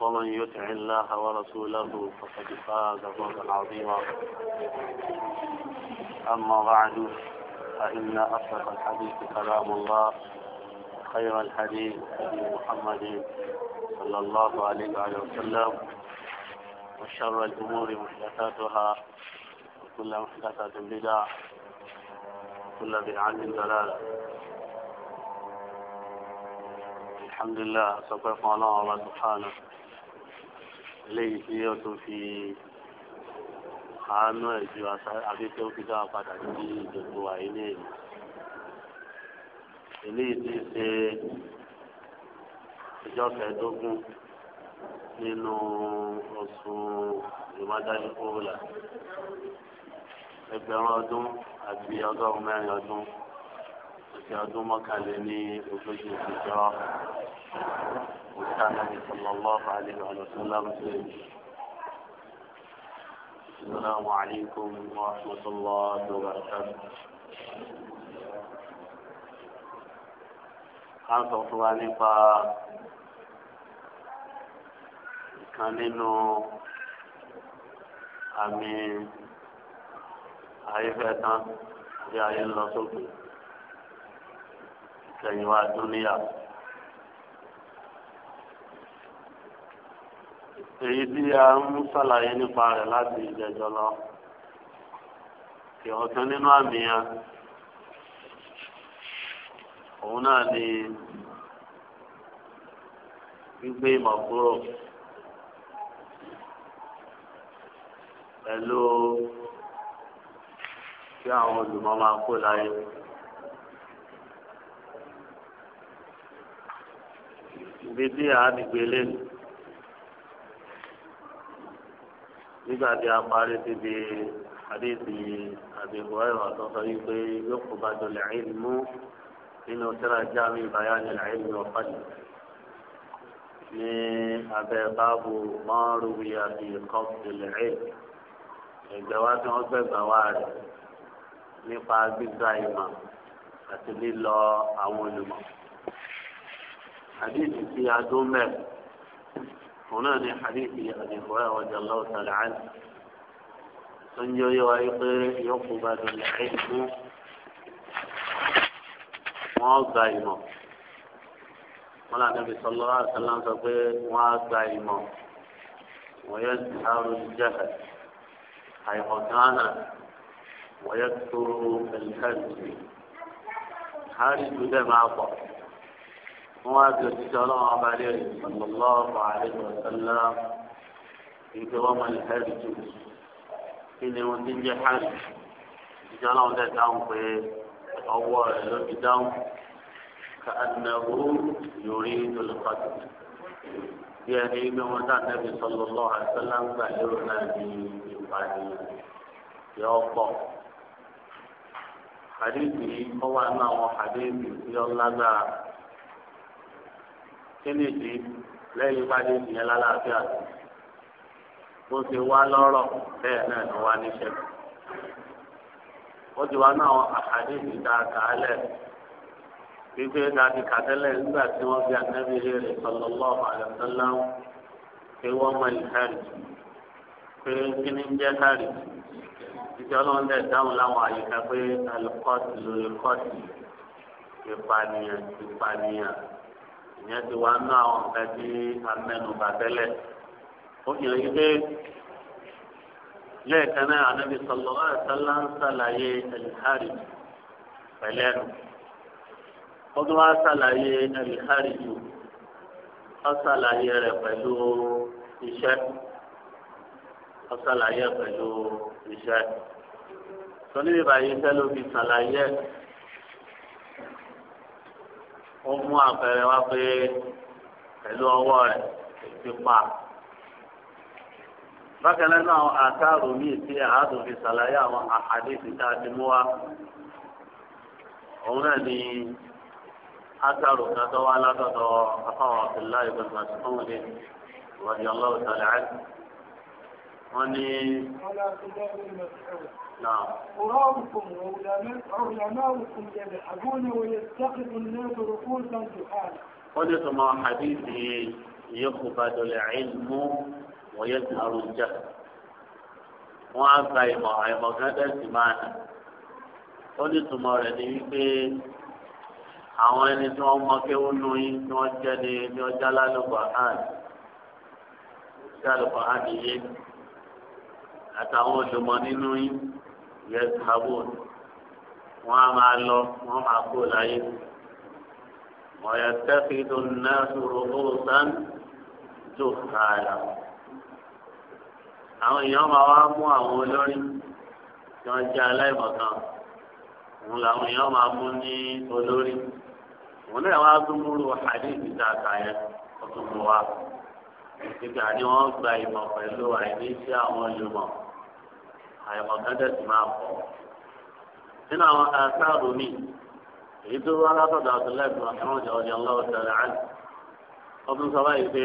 ومن يطع الله ورسوله فقد فاز فوزا عظيما أما بعد فإن أصدق الحديث كلام الله خير الحديث حديث محمد صلى الله عليه وآله وسلم وشر الأمور محدثاتها وكل محدثات بدع وكل بدعة ضلالة الحمد لله سبحانه الله سبحانه lẹ́yìn tí ó tún fi àánú ẹ̀ ju àbí tí ó fi dá padà sí ìdòkò àìní èyí. eléyìí ti ṣe ìjọ kẹẹ̀ẹ́dógún nínú oṣù ìmọ̀dájú kóòlà ẹgbẹ̀rún ọdún àti ọgọ́rùn-ún mẹ́rin ọdún àti ọdún mọ́kànléní ogójì ìjọ. وكان النبي صلى الله عليه وسلم السلام عليكم ورحمة الله وبركاته kan sọ fún wa nípa ìkan nínú àmì ayéfẹ́ tán bí ayé ń lọ sókè ìkẹyìn wa dúníyàwó. èyí tí a ń ṣàlàyé nípa rẹ láti ìjẹjọ lọ kí ọ̀tún nínú àmì yẹn òun náà ni gbígbé ìmọ̀ kúrò pẹ̀lú kí àwọn olùmọ̀ máa kó láyé. ibi tí a nìgbélé nù. nígbà tí a parí síbi àdéhùn àbẹ̀wò ẹ̀rọ àtọ́sọ yìí pé yóò kó bá jọlẹ̀ ẹ̀yìn mú nínú sẹ́ra jáàmì ìbáyá ní ẹ̀yìn ní ọ̀pá yìí. ní abẹ́ báàbù márùwì àti kọ́pìlẹ̀ ẹ̀yìn ẹ̀gbẹ́ wa tí wọ́n gbẹ̀gbà wá rẹ̀ nípa gbígba ìmọ̀ àti lílọ àwọn olùmọ̀. àdéhùn sí adó mẹ́rin. هنا حديث أبي هريرة رضي الله تعالى عنه أن يقول يقبض العلم وقائما ولا النبي صلى الله عليه وسلم تقول وقائما ويزحر الجهل حيث كان ويكثر الهزل هذه الدماغ wọ́n wá bí òṣìṣẹ́ ọlọ́run ọba rẹ̀ lọ́wọ́ àlejò ọ̀sánlá ìgbé wọn mọ ìfẹ́rì jù kí ni wọ́n ti ń jẹ́ hàn òṣìṣẹ́ ọlọ́run tẹ̀ dáhùn pé ọwọ́ rẹ̀ ló fi dáhùn ká àdínàwó yorí olùkọ́tù bí ẹni gbé wọn dá nẹ́bí sọlọ lọ́wọ́ àlejò gbà lérò náà ní ìpàdé yọ pọ̀ àdéhùn yìí kọ́ àwọn àdéhùn yọ lágbára kíni ìdí lẹ́yìn ìpàdé ìyẹn lálàáfíà tó ti wá lọ́rọ̀ bẹ́ẹ̀ náà ló wá níṣẹ́. ó ti wá náà àkàdé ìdá kàálẹ̀ wípé dàbí kàtẹ́lẹ̀ nígbà tí wọ́n fi àtẹ́bí rẹ̀ sallallahu alaihi wasallam pé wọ́n mọ ìkárì pé kíni ń jẹ́ kárì títí ọlọ́run dẹ̀ dáhùn láwọn àyíká pé alùkọ́tì lórí kọ́tì ìpànìyàn ìpànìyàn ìyẹn ti wá ná àwọn nǹkan tí a mẹ́nu bà tẹ́lẹ̀ ó fi hàn yí pé lẹ́ẹ̀kan náà ànábi sọlọ ọ́ ẹ̀sánlá ń ṣàlàyé ẹ̀lìhárì pẹ̀lẹ́nu ó tún wá ṣàlàyé ẹ̀lìhárì jù ó ṣàlàyé rẹ̀ pẹ̀lú iṣẹ́ ó ṣàlàyé pẹ̀lú iṣẹ́ tó níbi báyìí sẹ́lómi ṣàlàyé ẹ̀. ó mú àpẹẹrẹ wá pé pẹ̀lú ọwọ́ rẹ̀ ti pa. bákan náà àwọn àtàrò míì tí àádùn fi àwọn àhàdìsì tá a ti mú wá òun náà ni àtàrò kan tó wá látọ̀dọ̀ afáwọn abdullahi ibn mas'ud radiyallahu ta'ala anhu wọ́n نعم قراركم وعلماؤكم يلعبون ويتخذ الناس رؤوسا جهالا قلت مع حديثه يخفض العلم ويظهر الجهل wọ́n á gba ìmọ̀ àìmọ̀ gẹ́gẹ́sì máa nà ó ní túmọ̀ rẹ̀ ní wípé àwọn ẹni tí wọ́n mọ kéwú nù yín tí wọ́n jẹ́ ni ní ọjà lálùbọ̀ hàn lálùbọ̀ hàn nìyẹn àtàwọn olùmọ̀ nínú yín yẹ sábò wọn a máa lọ wọn máa kó láyé wọn yẹ tẹfìdù náà sọ̀rọ̀ ó sàn tó kààlà àwọn èèyàn máa wá mú àwọn olórí tí wọn jẹ aláìmọ̀kan òun làwọn èèyàn máa mú ní olórí òun náà wá tún múlò hadith ìta àkàyẹ ọtún mú wa ìgbà ni wọn gba ìmọ̀ pẹ̀lú àìní àwọn olùmọ̀ àyẹ̀wò gẹ́gẹ́ sì máa pọ̀. nínú àwọn asáàrù mi èyí tó wá látọ̀dọ̀ àtúnlẹ̀ fún ọ̀sán ọ̀jọ̀ ọ̀jọ̀ ọlọ́wọ́ tẹ̀lé àlù. ọdún sọ báyìí pé.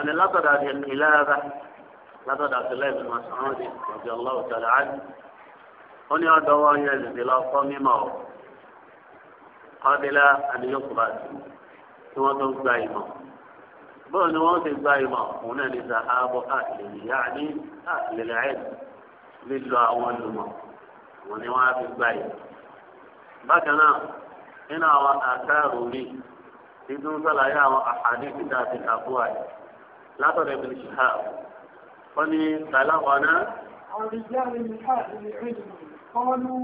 àní látọ̀dọ̀ àti ìlànà látọ̀dọ̀ àtúnlẹ̀ fún ọ̀sán ọ̀jọ̀ ọlọ́wọ́ tẹ̀lé àlù. ó ní ọ̀dọ̀ wọn yẹn lè lọ kọ́ mímọ́ ọ قابلة أن يقبل ثم تنقى إمام bọ́ọ̀ ni wọ́n ti gba ìmọ̀ òun náà ní sàhábọ̀ àìlèlè yáàní àìlèlè àìlè lílo àwọn olùmọ̀ òun ni wọ́n á fi gba ìmọ̀. bákan náà nínú àwọn àkáàrò mi ti tún sàlàyé àwọn àhàdí títà àti kàbúà yìí látọ̀dọ̀ ibi ṣìhá wọ́n ní sàlámọ́nà. àwọn ìyá mi ní káàkiri ìrìn قالوا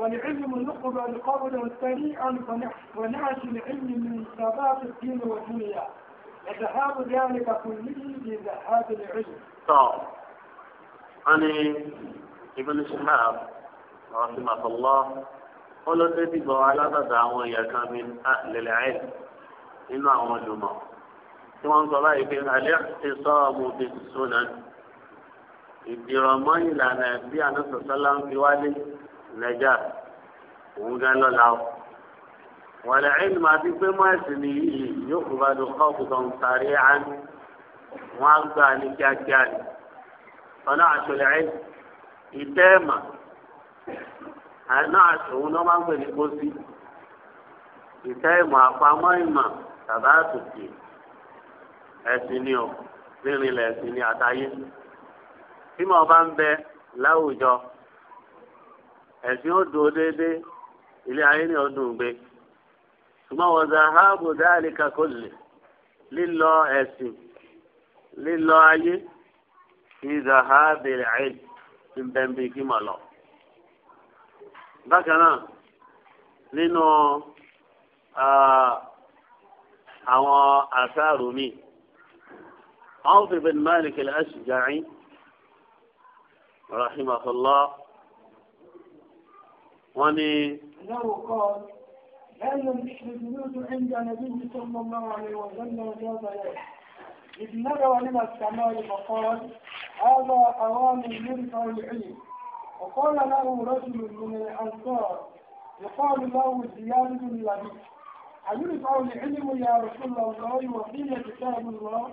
ولعلم يقبل قولا سريعا ونعش العلم من ثبات الدين والدنيا وذهاب ذلك كله بذهاب العلم. طيب. أنا ابن شهاب رحمه الله قل تجب على تدعو يك من أهل العلم إن علماء ثم صلى الاعتصام بالسنن الدرامين لنا بي أنا صلى الله عليه وسلم nàìjà òun gán lọla o wọ́n ma ẹni máa fi pé mọ́ẹ̀sì ni yìí yóò kó bá dùn kọ́ọ̀kù tó ń sáré àánú wọ́n á gbà ní kíákíá ni ọ̀nà àṣọlẹ̀ ẹni ìtẹ́ẹ̀mà àná àṣọ òun máa ń pè ní kóṣí tàbá àtòkè ni ò ni tí mo bá ń bẹ ẹ̀sìn ó dùn ó déédéé ilé ayé ni ó dùn gbé ṣùgbọ́n wọ́n zà háàbù dáàlì kakó lè lílọ ẹ̀sìn lílọ ayé kí zà háàbì ẹ̀ẹ́d ti bẹ́ńbí kí mà lọ. bákan náà nínú àwọn àṣàrò mi àwọn fìbẹ̀ ní máàlì kẹlẹ́ àṣìjáì rahimahullah wọ́n ní. إذ نظر إلى السماء فقال هذا أوان يرفع العلم وقال له رجل من الأنصار يقال له زياد بن لبيد أيرفع العلم يا رسول الله وقيل كتاب الله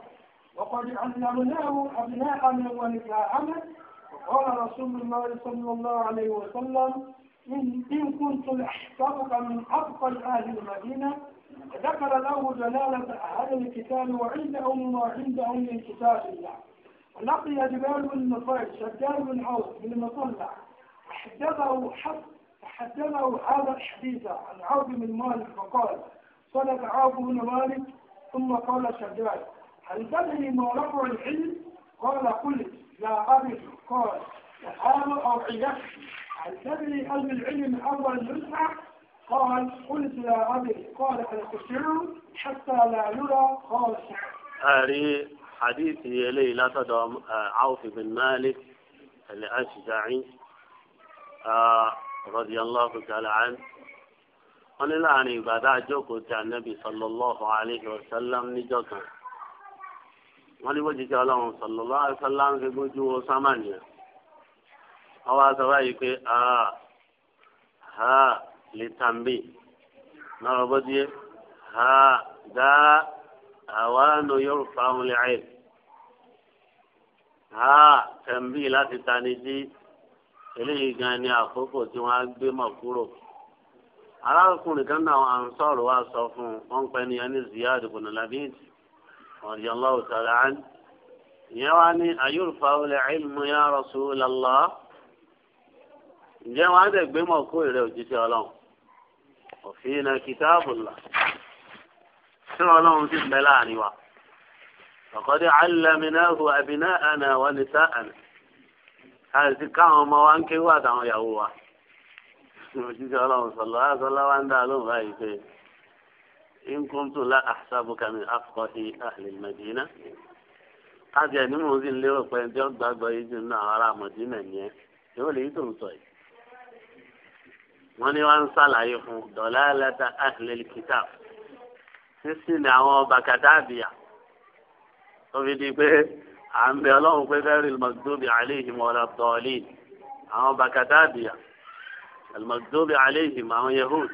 وقد علمناه أبناءنا ونساءنا وقال رسول الله صلى الله عليه وسلم إن, إن كنت أحترق من أفضل أهل المدينة ذكر له جلالة أهل الكتاب وعندهم ما عنده من كتاب الله لقي جبال بن نصير شجال بن عوف بن مطلع حدثه حدثه هذا الحديث عن عوف بن مالك فقال صدق عوف بن مالك ثم قال شجال هل تدري ما رفع العلم؟ قال قلت لا أدري قال هذا أوعدك الذي أهل العلم أفضل نزعة قال قلت يا أبي قال أنا خشع حتى لا يرى قال هاري حديثي إليه لا تدع عوف بن مالك الأشجعي رضي الله تعالى عنه wọ́n ní láàrin ìgbà tá a jókòó ti ànábì sallallahu alayhi wa sallam níjọ́ kan wọ́n ní bó ti jẹ́ ọlọ́run sallallahu alayhi wa sallam fi gbójú wo sámánìyàn àwọn aṣọ báyìí pé ah, ha lè tàǹbì náà rọ́bọ́ díẹ̀ ha dá àwa nù yóò fa àwọn ilé ayé ha tàǹbì láti tani dí eléyìí gan ni àkókò tí wọ́n á gbé mọ̀ kúrò arákùnrin kan náà à ń sọ̀rọ̀ sọ fún un wọ́n pẹ́ ní ẹni Ziyad ibn Labid radiyallahu ta'ala an ìyẹn wá ní ayurfa ilmu ya Rasulullah. ǹjẹ́ wọn á dẹ̀gbé mọ̀ kó ìrẹ́ òjíṣẹ́ ọlọ́run òfin iná kìtáàbùlà tí ọlọ́run ti bẹ láàrin wa ọ̀kọ́dé alẹ́mìnáhù abiná àná wọn ni sá àti káwọn ọmọ wa ń ké wà táwọn wa òjíṣẹ́ ọlọ́run sọ̀lọ́ àṣọlá wa ń dá lóhùn báyìí pé la al-madina ń lérò pé ẹni tí ó gbàgbọ́ yìí wọ́n ní wọ́n ń ṣàlàyé fún dọ̀là lẹ́tà ahlil kitab sísìn ní àwọn bàkàtàbíà tó fi di pé à ń bẹ ọlọ́run pé fẹ́rẹ̀ al-maghdubi alayhim wala ddallin àwọn bàkàtàbíà al-maghdubi alayhim àwọn yahud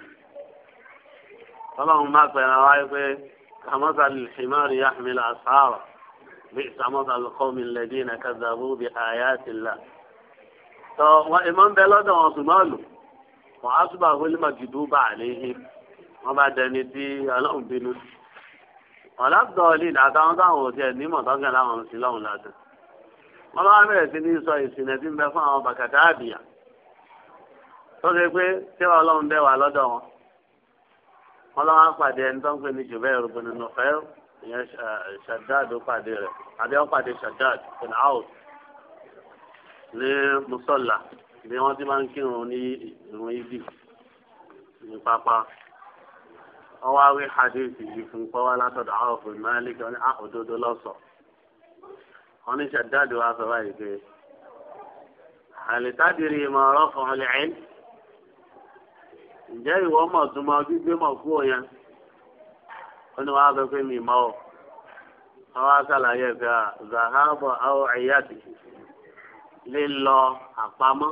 ọlọ́run má pẹ̀lú àwọn ayé pé kàmọ́sàlì himari yahmil asfara bí kàmọ́sàlì qawmi alladhina kadhabu bi ayatillah. tọ́ wọn ìmọ̀ ń wọ́n á túbọ̀ àfọlímọ̀ gidi ó bá àléhìn wọ́n bá dẹni tí ọlọ́run bínú sí. ọ̀làdọ̀ọ̀lì làtàwọn táwọn òsì ẹ̀ nímọ̀ tọ́kẹ́ láwọn ń sin lọ́hùn lásán. wọ́n bá bẹ̀rẹ̀ sí ní sọ ìsìnlẹ̀ tí ń bẹ fún àwọn bàkàtà àbíyà. tó ṣe pé ọlọ́run bẹ̀ lọ́dọ̀ wọn. wọ́n lọ́wọ́ pàdé ẹni tó ń pè ní jùbẹ́ ìrùbùnú nùfẹ́ ìyẹn ṣàdáàdù eh, pàdé rẹ̀ ìdí wọn ti máa ń kírun ní ìrun ibi ní pápá ọwọ́ awé hadith yìí fún pọ́wá látọ̀dọ̀ àwọn òfin Malik ní àkódodo ah, lọ́sọ̀ wọn ní ṣàdáàdì wa sọ báyìí pé àlìtádìrí ìmọ̀ ọ̀rọ̀ fún ọlẹ́ẹ̀ẹ́n ǹjẹ́ ìwọ mọ̀ túmọ̀ gbígbé mọ̀ kú òyìn ó ní wàá sọ pé mi ọ ah, lílọ àpamọ́.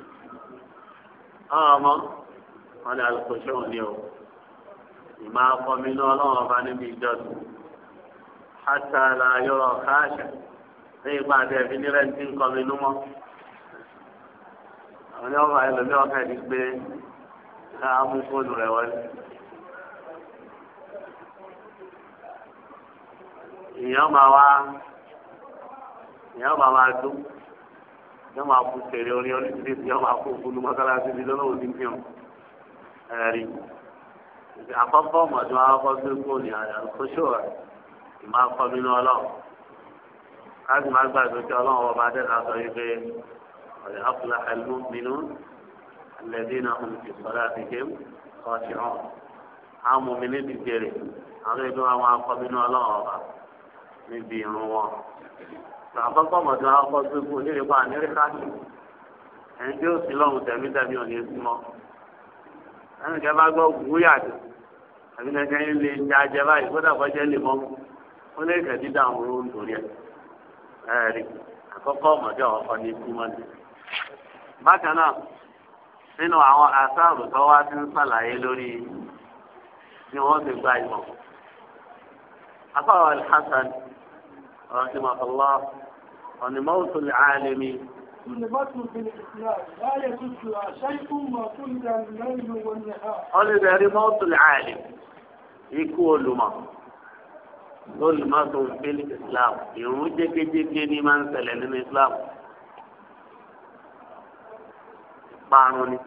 àwọn ọmọ wọn ni alùpùpù ní o ìmọ̀ akọminú ọlọ́run ọba níbi ìjọsìn hátàlá yọrọ káàṣà ní ipa àti ẹ̀fín ní rẹ́ǹtì ń kọminú mọ́ àwọn ọba ẹlòmí ọkà ẹni gbé káàmú fóònù rẹ̀ wọlé. ìyàn máa wá ìyàn máa wá dún yọ máa kú fèrè orin oríṣiríṣi yọ máa kú fúnú mọ́sálásí bí lọ́wọ́ ní fíọ̀n ẹ̀rí. àkọ́kọ́ ọmọdé wa kọ́ sí kó ní àkóṣó rẹ̀ ìmọ̀ akọ́bínú ọlọ́run káàsì máa gbàgbé pé ọlọ́run ọba adẹ́ta sọ wípé ọ̀rẹ́ àfúlà ẹ̀lú mínú ẹlẹ́dínà ọ̀hún ti sọ́dá ti ké kọ́ọ̀ṣì hàn. àwọn ọmọ mi ní ti jèrè àwọn ẹgbẹ́ wa máa ọlọ́run ọba níbi ìrún wọn àkọ́kọ́ mọ̀tò akọ́ gbégbó onírèkọ́ amẹ́ríkà ẹni tí ó sì lọ́hùn tẹ̀mítẹ̀mí ò ní í mọ́ ẹni kẹ́ bá gbọ́ wúyà tó àbí nàìjíríà yín lè jẹ ajẹ báyìí kódà kọ́ jẹ́ lè mọ́ ó lè kẹ́ dídá àwọn oró nítorí ẹ̀ ẹ̀rí àkọ́kọ́ mọ̀tò ọkọ̀ ní ikú mọ́ ni. bákan náà nínú àwọn àṣàrò tó wá ti ń sàlàyé lórí ni wọ́n ti gba ìmọ̀. afáwọn alhassan rahimahullah ọ̀nìmọ́tò àlẹ́mí. ọ̀nìdẹ̀rí mọ́tò àlẹ́ ikú olùmọ̀ olùmọ̀tò fílì islam ìrún jẹ́gẹ́jẹ́gẹ́ ní máa ń ṣẹlẹ̀ nínú islam parun ni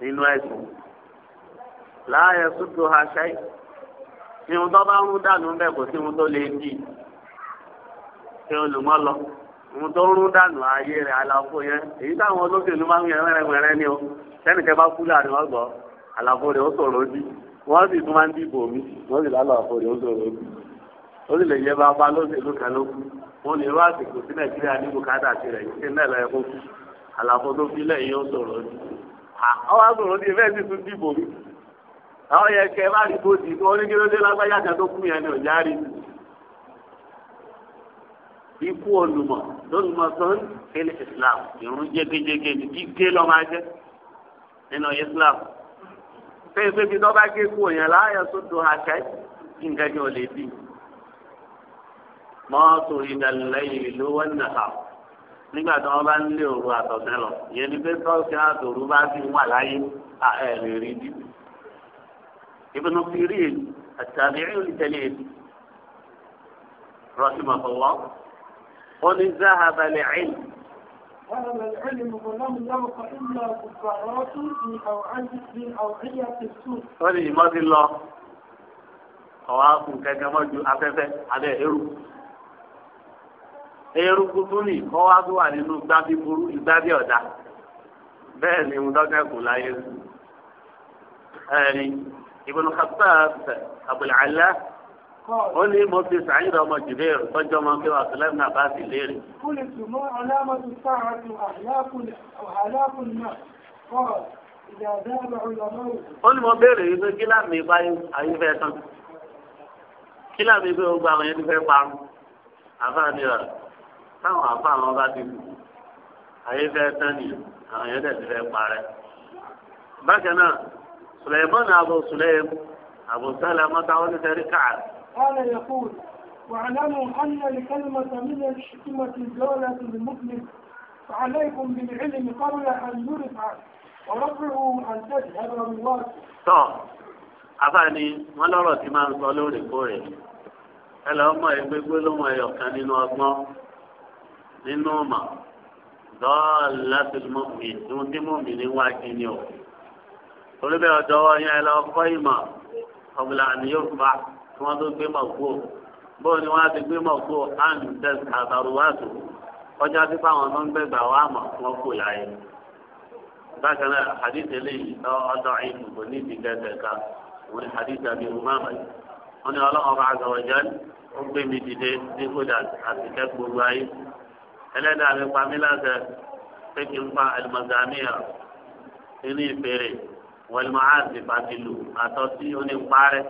nínú ẹ̀sìn láàyè sùtò àṣẹ ìhun tó bá ń dànù bẹ́ẹ̀ kò sí ohun tó lè dì í ṣé olùmọ̀ lọ òun tó rún dànù ayé rẹ̀ àlàfo yẹn èyí táwọn olóṣèlú máa ń yẹn rẹ́rẹ́rẹ́ ni o sẹ́nìkẹ́ bá kú láàrin wọn gbọ́ àlàfo rẹ̀ ó sọ̀rọ̀ ojú wọ́n sì tún máa ń dìbò mí wọ́n sì lálọ́ àfo rẹ̀ ó sọ̀rọ̀ ojú ó sì lè yẹ bá bá lóṣèlú kan ló kú wọn lè rú àsìkò sí nàìjíríà ní bùkátà ti rẹ̀ yìí náà lọ́yẹ kó kú àlàfo tó fi lẹ́yìn ó sọ̀rọ̀ ojú àwọn àsọ̀rọ̀ ojú ìfẹ́ sì tún dìbò mí àwọn yẹn kẹ bá rí bó ti wọ́n ní kí ikú olùmọ̀ lórí mọ̀sán fẹ́lẹ̀ islam ìrún jẹ́gẹ́jẹ́gẹ́ ní gígé lọ́ máa jẹ́ nínú islam fẹ́ẹ́ fẹ́ẹ́ fi dọ́gba gé kú òyìn láàyè sódò àṣẹ nǹkan ní olè bí mọ́tò ìdàlẹ́yìn ló wọ́n nàkà nígbà tí wọ́n bá ń lé òru àtọ̀sẹ́ lọ ìyẹn ni pé tọ́sí àtòru bá ti wà láyé ẹ̀ rí bí. ìbùnú fi rí èyí àtàbí ẹ̀ ń tẹ̀lé èyí rọ́ọ̀sì mọ̀tò wọ́n. wọ́n ní záhàbà lè العلم ولم يبق إلا كفارات في أوعية في أوعية السوء. sọ́ni ìmọ̀tí lọ ọ̀wá kù kẹ̀kẹ́ mọ́ ju afẹ́fẹ́ abẹ́ eru. eru kútú nì kọ́ tó wà nínú gbábí burú ìgbábí ọ̀dà bẹ́ẹ̀ ni mo dọ́kẹ́ kù láyé. ó ní mo fi sàyìn ọmọ jùbẹ́rù tọ́jú ọmọ kí wà sílẹ̀ náà bá sì léèrè. kúlìtù mọ́ alámọ̀tò sáà tó àhàlákùn náà kọ́ ó ní mo béèrè yìí pé kíláàmù ìgbà ayé fẹ́ tán kíláàmù ìgbà ogun àwọn yẹn ti fẹ́ parun àfáà ni ọ̀rọ̀ táwọn àfáà wọn bá ti kú ayé fẹ́ tán ni àwọn yẹn tẹ̀sí fẹ́ parẹ́. bákan náà sùlẹ̀mọ́nù àbò sùlẹ̀mù àbò sálẹ̀ mọ́ta wọn ti قال يقول واعلموا أن الكلمة من الشتمة الجولة للمسلم فعليكم بالعلم قبل أن يرفع ورفعه أن تذهب رمواته. àfààní wọn lọ́rọ̀ tí máa ń sọ lóòrèkóòrè ẹ lọ mọ ẹgbẹ́ gbólóhùn ẹyọ kan nínú ọgbọ́n nínú ọmọ dọọlá tó mọ mi mi níwá kí ni o torí bẹ́ẹ̀ ọjọ́ wọn yẹn lọ kọ́ ìmọ̀ ọ̀gbìnlá ni yóò bá kí wọ́n tó gbé mọ̀ kú o bóun ni wọ́n á ti gbé mọ̀ kú o and test àtàrò wá tó ọjà tí fáwọn tó ń gbẹgbà wá mọ̀ wọ́n kò yá yẹn. bákan náà hadith eléyìí ọdọ ìlú kò ní ti gẹ́gẹ́ ká òun ni hadith àbí umama yìí wọ́n ní ọlọ́run ọba àgàwọ̀jẹ́ ó gbé mi dìde ní kódà àti gbogbo ayé ẹlẹ́dàá mi pa mí láṣẹ pé kí n pa àlùmọ̀gàmíà nínú ìfèrè wọlé máa ń ti pàtìlù àtọ́sí ó ní parẹ́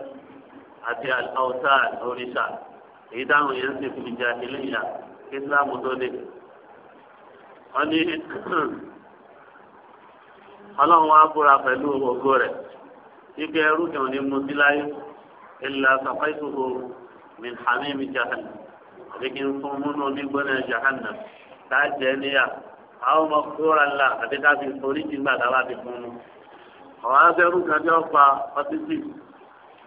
àti àwùsá òrìṣà èyí táwọn yẹn ń sè fún ìjà ìlẹ́yà islam tó dé. wọ́n ní ọlọ́run á búra pẹ̀lú ògo rẹ̀ ike ẹrú kan ní musiláyé ilà sàkóso min hamimi jahan. àbí kí n fún múnú onígbóná jahannam tá a jẹ níyà àwọn ọmọ kúrò ńlá àbí ká fi forí jìngbà dábàá ti fún un. ọ̀hún abẹ́rú kan jọ pa ọtí sí i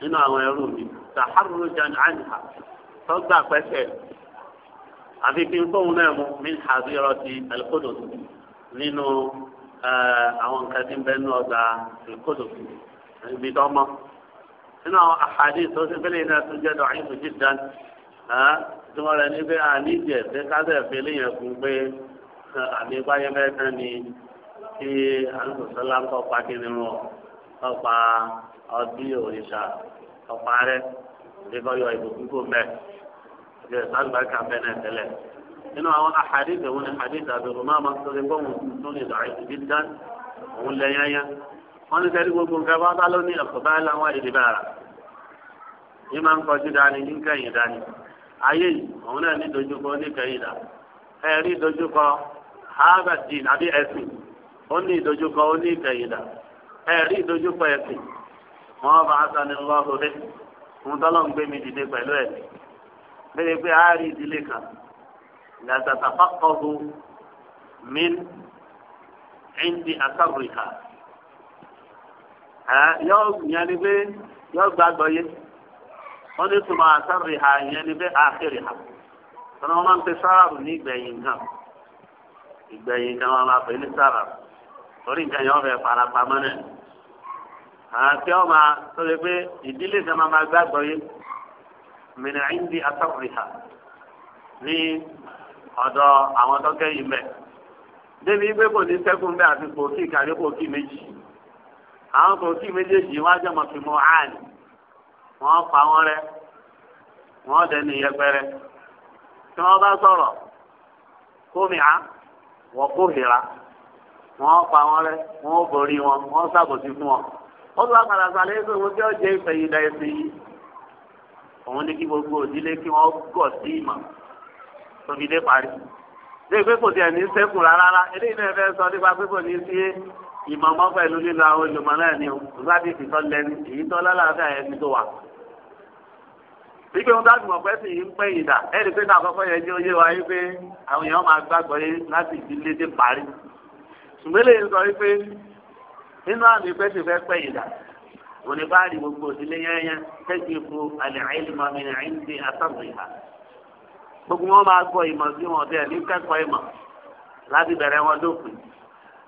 nínú àwọn ẹrú mi sàhárù jan anha tọ́gbà pẹ́sẹ̀ àfi kí n fóun náà mú min hàbírọ̀ ti alikodo nínú eh, àwọn nǹkan tí ń bẹ́ẹ̀ nù ọ̀gá alikodo ibi tó mọ́ nínú àwọn àhàdí tó ti fẹ́lẹ̀ iná tó jẹ́ dọ̀ọ́yìn tó jíjà tí wọ́n rẹ̀ níbi àníjẹ̀ pé káṣẹ̀ fẹ́lẹ̀ yẹn fún pé eh, àmì ìpáyé mẹ́ta ni kí alùpùpù sọlá ń kọ́ pa kí ni ọbí òrìṣà ọ̀parẹ́ ìdíkọ́ yọ ìbùkún kò mẹ́ ọjọ́ ìsàlùbáríkà bẹ́ẹ̀ náà tẹ́lẹ̀. nínú àwọn àhàdìsì òun ni àhàdìsì àbẹ̀rù máa máa sọ̀rọ̀ gbọ́n tó lè dọ̀ àìsí bí dán òun lẹ yányá. wọ́n ní sẹ́ni gbogbo nǹkan bá bá lóní ẹ̀kọ́ báyìí láwọn ìdìbò àrà. yìí máa ń kọjú dání ní kẹ́yìn dání. ayé òun náà ní dojúkọ ní kẹ́yìn dá. ẹ rí dojúkọ harvard dean àbí ẹ̀sìn ó ní ìdojúkọ ó ní ìkẹyìn dá. ẹ rí ìdojúkọ ẹ̀sìn wọn bá sani lọ́hùn rẹ fún tọ́lọ́ ń gbé mi dìde pẹ̀lú ẹ̀ bẹ́ẹ̀ pé a rí ìdílé kan làtàtà fàkọ́hù mi ẹ̀ǹdì àkàrùkà yóò yẹn ni pé yóò gbàgbọ́ yé wọ́n ní tuma àkàrùkà yẹn ni pé àkèrè hà tọ́lọ́ wọn máa ń pe sáàrù ní ìgbẹ̀yìn kan ìgbẹ̀yìn kan wọn máa pè ní sáàrù torí nǹkan yẹn wọ́n fẹ́ farapamọ́ náà. àti ọmọ sọ̀rọ̀ pé ìdílé kan máa máa gbàgbọ́ yé mìíràn ìdí atọ́kùnrin ní ọ̀dọ̀ àwọn tọ́kẹ́ yìí mẹ́. débi pé kò ní sẹ́kùn bẹ́ẹ̀ àti kòkí ìkàrí kòkí méjì àwọn kòkí méjèèjì wọ́n jẹ́ mọ̀ fi mọ àánì wọ́n pa wọ́n rẹ́ wọ́n dẹ̀ ní yẹpẹrẹ tí wọ́n bá sọ̀rọ̀ kómìá wọ́n wọ́n pa wọ́n rẹ́ wọ́n borí wọn wọ́n fún wọn. wọ́n tún wá padà sàlẹ̀ pé wọ́n jẹ́ ọ̀jẹ̀ ìfẹ̀yìndà ẹ̀sìn yìí òun ní kí gbogbo òdílé kí wọ́n gọ̀ sí ìmọ̀ tóbi dé parí lẹ́yìn pé kò tiẹ̀ ní sẹ́kù rárá eléyìí náà fẹ́ sọ nípa pé kò ní sí ìmọ̀ mọ́ pẹ̀lú lílo àwọn olùmọ̀ náà ni òsàdìsì tó lẹ́ni èyí tó lálàáfíà ẹni tó wà. wípé wọn dájú mọ̀ pé sì ń pẹ́ ìdà ẹ̀rí pé náà àkọ́kọ́ yẹn jẹ́ oyé wa wípé àwọn èèyàn máa gbàgbọ́ yé láti ìdílé dé parí. ṣùgbọ́n nínú àmì pẹ́sì fẹ́ pẹ́ ìdá òní bá rí gbogbo òdílé yẹ́nyẹ́ tẹ́sí fún àlẹ́ àìlùmọ́ mi ní àìǹdí àtàwọn ìhà gbogbo wọn máa gbọ́ ìmọ̀ sí wọn bẹ́ẹ̀ ní kẹ́kọ̀ọ́ ìmọ̀ láti bẹ̀rẹ̀ wọn dópin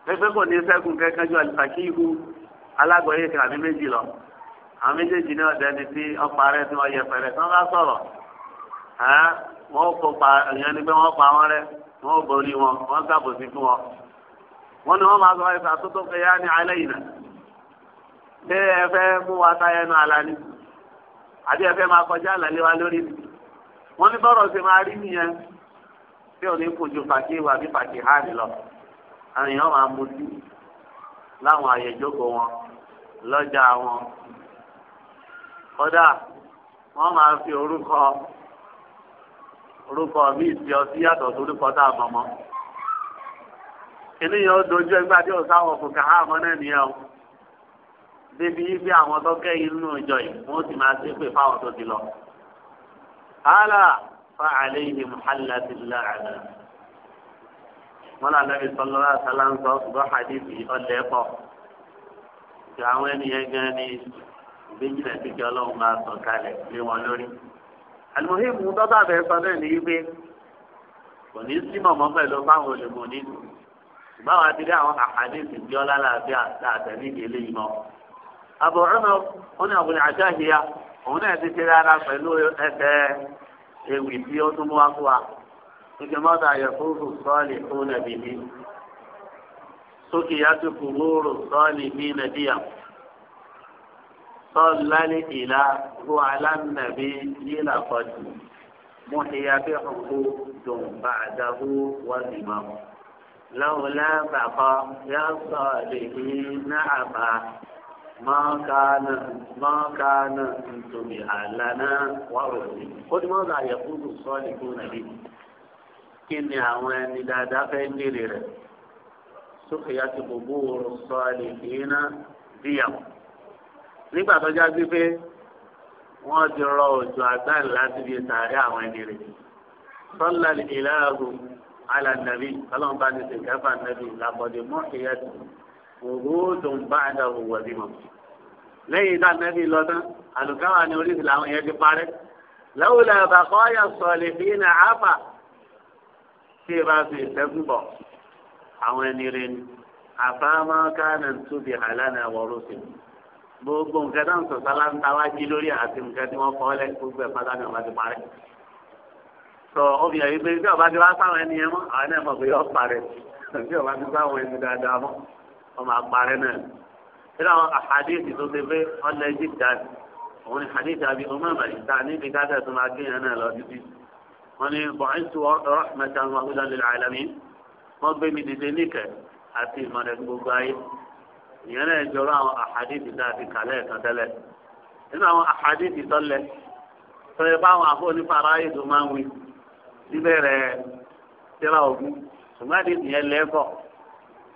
pépé kò ní sẹ́kùn kẹ́kẹ́ ju àlùfàkì ihu alágbọ̀yé kan àbí méjì lọ àwọn méjèèjì ní ọ̀dẹ ni tí ọ̀pá rẹ tí wọ́n yẹ pẹ̀rẹ̀ tí wọ́n bá sọ̀rọ̀ wọ́n ní wọ́n máa sọ ẹ̀fà tó tó fẹ́ yá ní alẹ́ yìí nà ṣé ẹ fẹ́ mú wa táyà ẹnu àlá ni àbí ẹ fẹ́ máa kọjá àlàlé wa lórí mi wọ́n ní bọ́rọ̀ ṣe máa rí nìyẹn tí ò kojú fàkì wà bí fàkì há ni lọ àwọn èèyàn máa mutí láwọn àyẹ̀jókòó wọn lọ́jà wọn kódà wọ́n máa fi orúkọ orúkọ bíi ti ọtí yàtọ̀ sí orúkọ tá eléyìí ó dojú ẹgbẹ́ àti òsáwọ̀ kò kàá àmọ́ náà nìyẹn o débi yí pé àwọn tó kẹ́yìn nínú ìjọ yìí wọ́n sì máa ṣe pé fáwọn tó ti lọ. hálà fa àléhìn hálà ti láàánà. mọ́lá nàbí sọlọ́lá sálá ń sọ ṣùgbọ́n hadithi ọ̀lẹ́ pọ̀. ìjọ àwọn ènìyàn gan ni ìgbéjìlá ti kí ọlọ́run máa sọ kalẹ̀ lé wọn lórí. àlùmọ́hìn mú bẹ́ẹ̀ sọ náà ní wípé kò ní sí mọ̀mọ́ pẹ̀lú fáwọn olùmọ̀ nínú ṣùgbọ́n àwọn adìrẹ́ àwọn àhàdìsì ń jọ́ lálàáfíà àtẹ̀lé ìdílé yìí mọ́. Abu Umar ó ní àbúrò àjáhìá òun náà ti ṣe rárá pẹ̀lú ẹsẹ̀ ewì tí ó tún mú wá fún wa. Ìgbìmọ̀ mọ́tò àyẹ̀fóòrò sọ́ọ̀lì fún nàbì mi. Sókè yàtò kòmóòrò sọ́ọ̀lì mi nàbíyà. Sọ́ọ̀lì ìlà hu alánàbí yílà kọ́jú. Mo ṣe yàtò òkú dùn bàdàbò wá sí máa lọ́wọ́lá bàkọ́ yóò sọ èyí náà bá mọ́kànà mọ́kànà ntòmí àlànà wọ́rọ̀ sí. ó ní mọ́tò àyẹ̀kúrú sọ́ọ̀lì kú nàbí. kí ni àwọn ẹni dáadáa fẹ́ ń lérè rẹ̀? sókè yá ti gbogbo oorun sọ́ọ̀lì kìí ná bíyàwó. nígbà tó já sí pé wọ́n ti rọ òjò àgbáńlá síbi tààrí àwọn ẹni rẹ̀. sọ́ọ̀lì ìlàhùn ala nabi kọlọ́n bá ní sè kẹfà nabi làbọ̀dé mọ́kìyàtì òhúdùn bá àdá òwò bí mọ̀. lẹ́yìn tá nabi lọ́tán àlùkáwà ni oríṣi làwọn yẹn ti parẹ́ lẹ́wọ̀lẹ̀ àbàkọ́ yà sọ̀lẹ̀ bí ní àfà tí ìbá fi ìṣẹ́gun bọ̀ àwọn ẹni rẹ ni àfàmà kánà tóbi àlànà àwọ̀rọ̀ sí i gbogbo nǹkan náà sọ̀sálà ń tawájí lórí àti nǹkan tí wọ́n fọ́ lẹ́ gbogbo ẹ̀ pátá ni wọ́n ti parẹ́ sọ obìnrin yìí pé bí ọba ti wá sáwọn ẹni yẹn mọ àwọn náà mọ̀ pé yọ parẹ́ bí ọba ti sáwọn ẹni dáadáa mọ wọn máa parẹ́ náà nínú àwọn àhàdíìsì tó ti pé ọlẹ jìdá òun ni àdéhìí àbí ọmọ ìmọ̀lẹ́ta níbi káṣẹ̀ tó máa kéèyàn náà lọ títí wọn ni bọ̀ǹtù rahmatan wa hudan lil alamin wọn gbé mi dìde níkẹ àti ìmọ̀lẹ́ gbogbo ayé ìyẹn náà jọrọ àwọn àhàdíìsì tá a kan tẹ́lẹ̀ nínú àwọn àhàdíìsì tọ́lẹ̀ tọ́lẹ̀ báwọn àfọ̀ nípa tó máa ń wí síbẹ̀rẹ̀ tíra ogun ṣùgbọ́n àdéhùn yẹn lẹ́kọ̀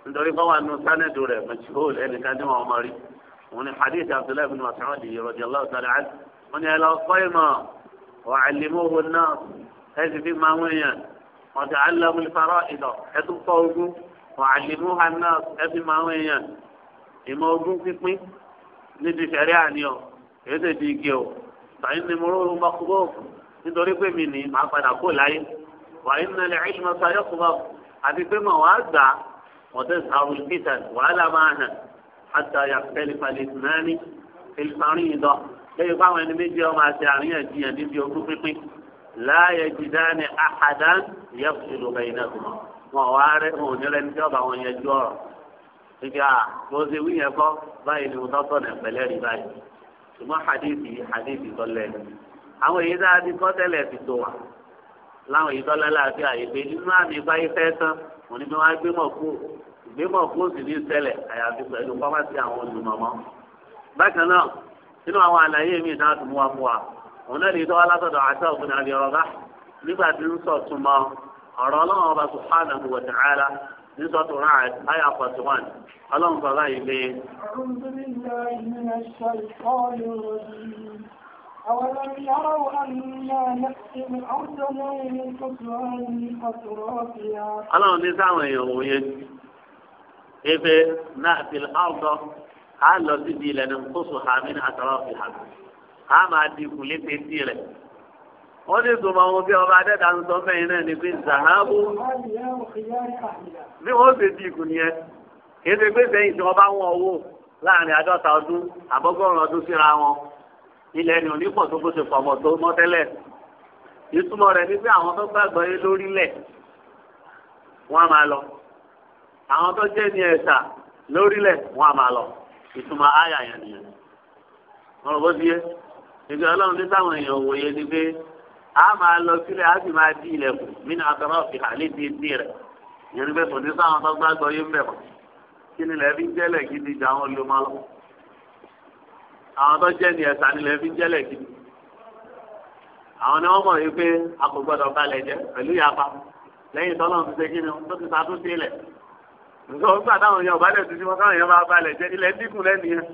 nítorí kọ́ wà nù sánẹ́dù rẹ̀ mẹ̀tíhóòl ẹnìkan tí wọ́n mọ rí òun ni hadith abdullahi bin masoud radiyallahu ta'ala anhu wọ́n ní ẹ lọ kọ́ ìmọ̀ wà á lè mú òun náà ẹ sì fi máa wọ́n yàn wọ́n ti alámú ìfarọ́ ìdọ̀ ẹ tún kọ́ ogun wà á lè mú òun náà ẹ fi máa wọ́n yàn ìmọ̀ ogun pínpín níbi fẹ̀rẹ̀ àníyàn èyí tẹ̀ di igi o tàyín ni mo rò ó nítorí pé mi ní máa padà kó láyé wàá iná lè ṣe máa sáré kó bá àti pé mà wàá gbà ọ̀tẹ́ sàrùn peter wàhálà máa hàn àtàyà pẹlipàlì nání pẹlipàrin ìdán lẹ́yìn pé àwọn ẹni méjì ọmọ àti àríyànjiyàn níbi ogún pínpín láàyè jìdáni àhàdán yẹ kó ìlú wọn wá rẹ wọn ò ní rẹ ní tí ọba wọn yẹn ju ọ̀rọ̀ nígbà tó ṣe wíyẹn kọ báyìí ni mo tọ́ sọ̀nà pẹ̀lẹ́ báyìí ṣùgbọ́n hadithi hadithi tó lẹ́nu àwọn èyí tá a ti kọ́ tẹ́lẹ̀ ti tó wa láwọn èyí tọ́lá láàbí àyèpé nínú àmì ìbáyé fẹ́ tán mo ní bí wọ́n á gbé mọ̀ kú gbé mọ̀ kú sì ní ṣẹlẹ̀ àyàfi pẹ̀lú pọ́másì àwọn olùmọ̀mọ́. bákan náà nínú àwọn àlàyé mi náà tún wá fún wa òun náà lè tọ́wọ́ látọ̀dọ̀ àṣà òfin àbí ọ̀rọ̀ nígbà tí ń sọ túmọ̀ ọ̀rọ̀ ọlọ́run ọba subhanahu wa ta'ala ní sọ́tù ráàd àyà forty one ọlọ́run bàbá yìí lé. أولم يروا أنا نأتي الأرض ننقصها من أطرافها Ọlọ́run ní sáwọn èèyàn òun yẹn ebe náà fi ọ̀dọ́ a lọ síbi ilẹ̀ ní wọ́n ní ìgbìmọ̀ àwọn bí ọba adẹ́ta ń sọ mẹ́rin náà ní pé zahabu bí wọ́n ṣe di ìkù nìyẹn kì í ṣe pé sẹ́yìn tí wọ́n bá wọn owó láàrin àádọ́ta ọdún àbọ́gọ́rùn-ún ọdún síra wọn ilẹ̀ ẹni onípọ̀ tó kó ṣe pọ̀mọ̀ tó mọ́ tẹ́lẹ̀ ìtumọ̀ rẹ̀ ni pé àwọn tó gbàgbọ́ yé lórílẹ̀ wọ́n á máa lọ àwọn tó jẹ́ ní ẹ̀sà lórílẹ̀ wọ́n á máa lọ ìtumọ̀ àyà yẹn nìyẹn wọ́n rò bó ti yé ìgbà ọlọ́run ní táwọn èèyàn wòye ni pé a máa lọ sílẹ̀ a sì máa di ilẹ̀kùn mínú àtàrà òfin àlè ti di rẹ̀ ìyẹn ni pé kò ní sáwọn tó gbàgbọ́ yé ń bẹ̀ mọ́ kí ni lẹ́ẹ̀bí jẹ́lẹ̀ gidi jà wọn ló máa àwọn tó jẹ́ ní ẹ̀sà nílẹ̀ fi jẹ́lẹ̀ gidi àwọn ni wọ́n mọ̀ yìí pé a kò gbọ́dọ̀ balẹ̀ jẹ́ pẹ̀lú yapa lẹ́yìn tọ́lọ́ ti ṣe kí ni tó ti ta tó ṣe lẹ̀ nǹkan nígbà táwọn èèyàn balẹ̀ tuntun wọn káwọn èèyàn bá balẹ̀ jẹ́ ilẹ̀ dínkù lẹ́nu yẹn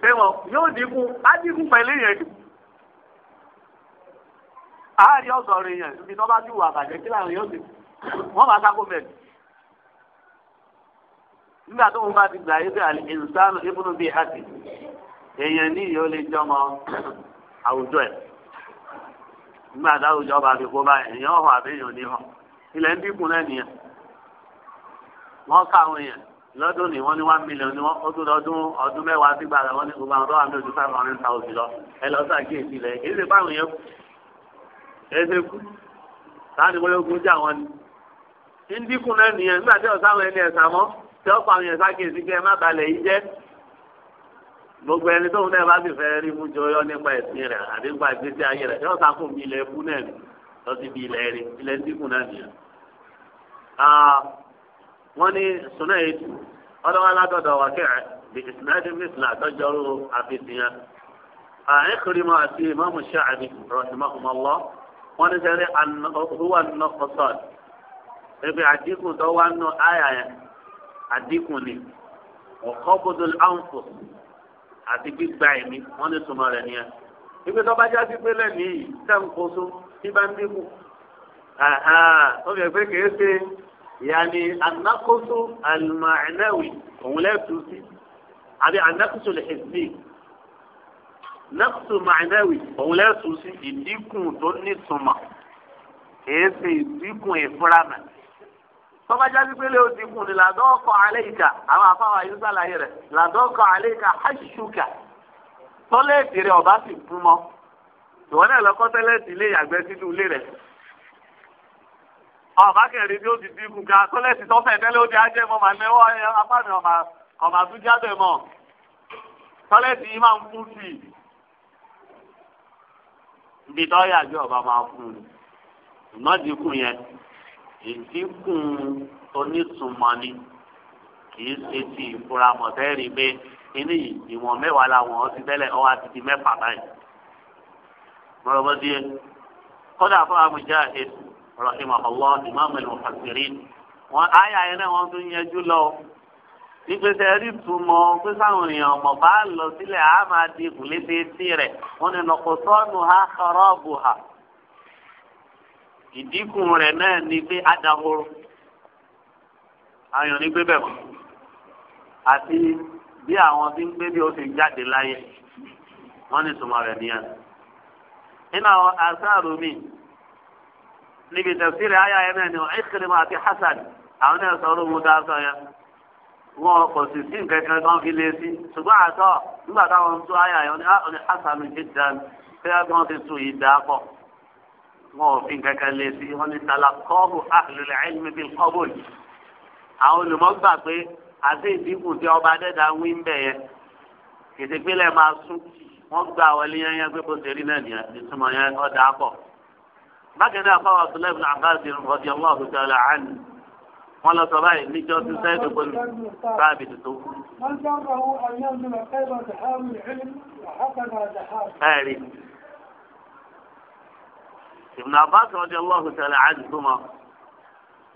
pé wọn yóò dínkù á dínkù pẹ̀lú yẹn jù àárí ọ̀sọ̀ rẹ̀ yẹn ibi tó bá ti wà bàjẹ́ kí làwọn yóò ti wọ́n bá sáko mẹ́rin nígbà tó ń bá ti gbà yí pé àlè ìrùsánù ibùdó bíi hàtì èèyàn ní ìyó lè jọmọ àwùjọ ẹ̀ nígbà táwùjọ bá fi kó báyìí èèyàn ọ̀hún àbí ní hàn ilẹ̀ ń dínkù náà wọ́n ká èèyàn lọ́dún ní wọ́n ní one million ní wọ́n ó tún lọ́dún ọdún mẹ́wàá sígbà rẹ̀ wọ́n ní gbogbo àwọn tó wà ní five hundred thousand lọ ẹ lọ sí àkíyèsí rẹ̀ èyí ṣe báwọn yẹn kú ṣe kú láti wọ́n yóò jà wọ́n ni ń dínkù náà nígbà tí ọ̀sán gbogbo ẹni tóun náà bá sì fẹ́ rí fún jọyọ́ nípa ẹ̀sìn rẹ̀ àbí nípa ìgbésí ayé rẹ̀ yóò sá fún mi ilẹ̀ ẹkú náà ni lọ sí ibi ilẹ̀ rẹ̀ ilẹ̀ ń dínkù náà nìyẹn. wọ́n ní sùnà ètù ọlọ́wọ́ aládọ́dọ̀ wà kẹ́rẹ́ bí ìsìnàdì mísìlá àtọ́jọ́rú àfihàn. àìkúrímọ̀ àti ìmáàmù Ṣáàbì rọ̀ṣùmọ́kùmọ́lọ́ wọ́n ní sẹ́rẹ́ huwa nọ́kọ̀sọ́d àti gbígba ẹ̀mí wọ́n ní túmọ̀ rẹ̀ nìyẹn. ibi tó bá já sí pé lẹ́nu yìí tẹ̀ ń kóso tí bá ń dínkù. ó fi ẹ̀fẹ́ kìí ṣe yàní anákóso alimahinawi òun lẹ́ẹ̀tù sí àbí anákóso lè ṣèṣì nákóso mahinawi òun lẹ́ẹ̀tù sí ìdínkù tó nítumọ̀ kìí ṣe ìdínkù ìfúramẹ̀. tọ́bajá gbígbélé o ti kù ní làdọ́kọ̀ àléìkà àwọn afáwà yìí sàlàyé rẹ̀ làdọ́kọ̀ àléìkà hàṣùkà tọ́lẹ́ẹ̀tì rẹ̀ ọ̀bá sì kú mọ́ ìwọ náà lọ mọ, ilé ìyàgbẹ́ sínú ilé rẹ̀ ọba kẹrin ni ó ti dínkù ká tọ́lẹ́ẹ̀tì tọ́fẹ̀ ó ti ajẹ́ mọ́ màá mẹ́wọ́ apá mi tún jáde mọ́ tọ́lẹ́ẹ̀tì yìí máa ń kú sí i ibi tọ́ ìdínkù onítùmọ̀ni kìí ṣe ti ìfura mọ̀tẹ́rì pé inú ìwọ̀n mẹ́wàá làwọn ọtí tẹ́lẹ̀ ọwọ́ àti ti mẹ́fà báyìí. mọ̀rọ̀bọ́ di yẹn kọ́dà fún amújá ètò rọ̀hìmọ̀ ọ̀lọ́ ìmáàmù ìlú fàṣírí wọn àyà yẹn náà wọ́n tún yẹjú lọ. ìpèsè rí túmọ̀ pé sáwọn èèyàn ọmọ bá lọ sílẹ̀ á máa di ìkùlé ìdínkù rẹ̀ náà ni pé adahoro ayọ̀ ní pé bẹ́ẹ̀ mọ́ àti bí àwọn tí ń gbé bí ó ti jáde láyé wọ́n ní sùnmọ́ rẹ̀ nìyẹn. nínú àwọn àṣàrò mi níbi tafsiri àyà yẹn náà ni wọ́n Ikrima àti Hasan àwọn náà sọ ọ́rùn mú dáa sọ yẹn wọn kò sì sí nǹkan kan tó ń fi lé sí ṣùgbọ́n àtọ́ nígbà táwọn ń tú àyà yẹn ni ah, Hasan ti dàn pé wọ́n ti tú ìdá pọ̀ wọn ò fi kankan lé sí wọn ní talakọ́bù ahlul ilmi bil qabul àwọn olùmọ́gbà pé àti ìdínkù tí ọba dẹ́dà wí ń bẹ̀ yẹn ìsìnkpínlẹ̀ máa sún wọ́n gba wọlé yẹn yẹn pé bó ṣe rí náà nìyẹn ìtumọ̀ yẹn ọ̀dà pọ̀. bákan náà fáwọn abdullahi bin abbas radiyallahu ta'ala anhu wọn lọ sọ báyìí níjọ tí sẹ́yìn pẹ̀lú sáàbì tuntun. ẹ̀rí ibn abbas radiyallahu ta'ala anhuma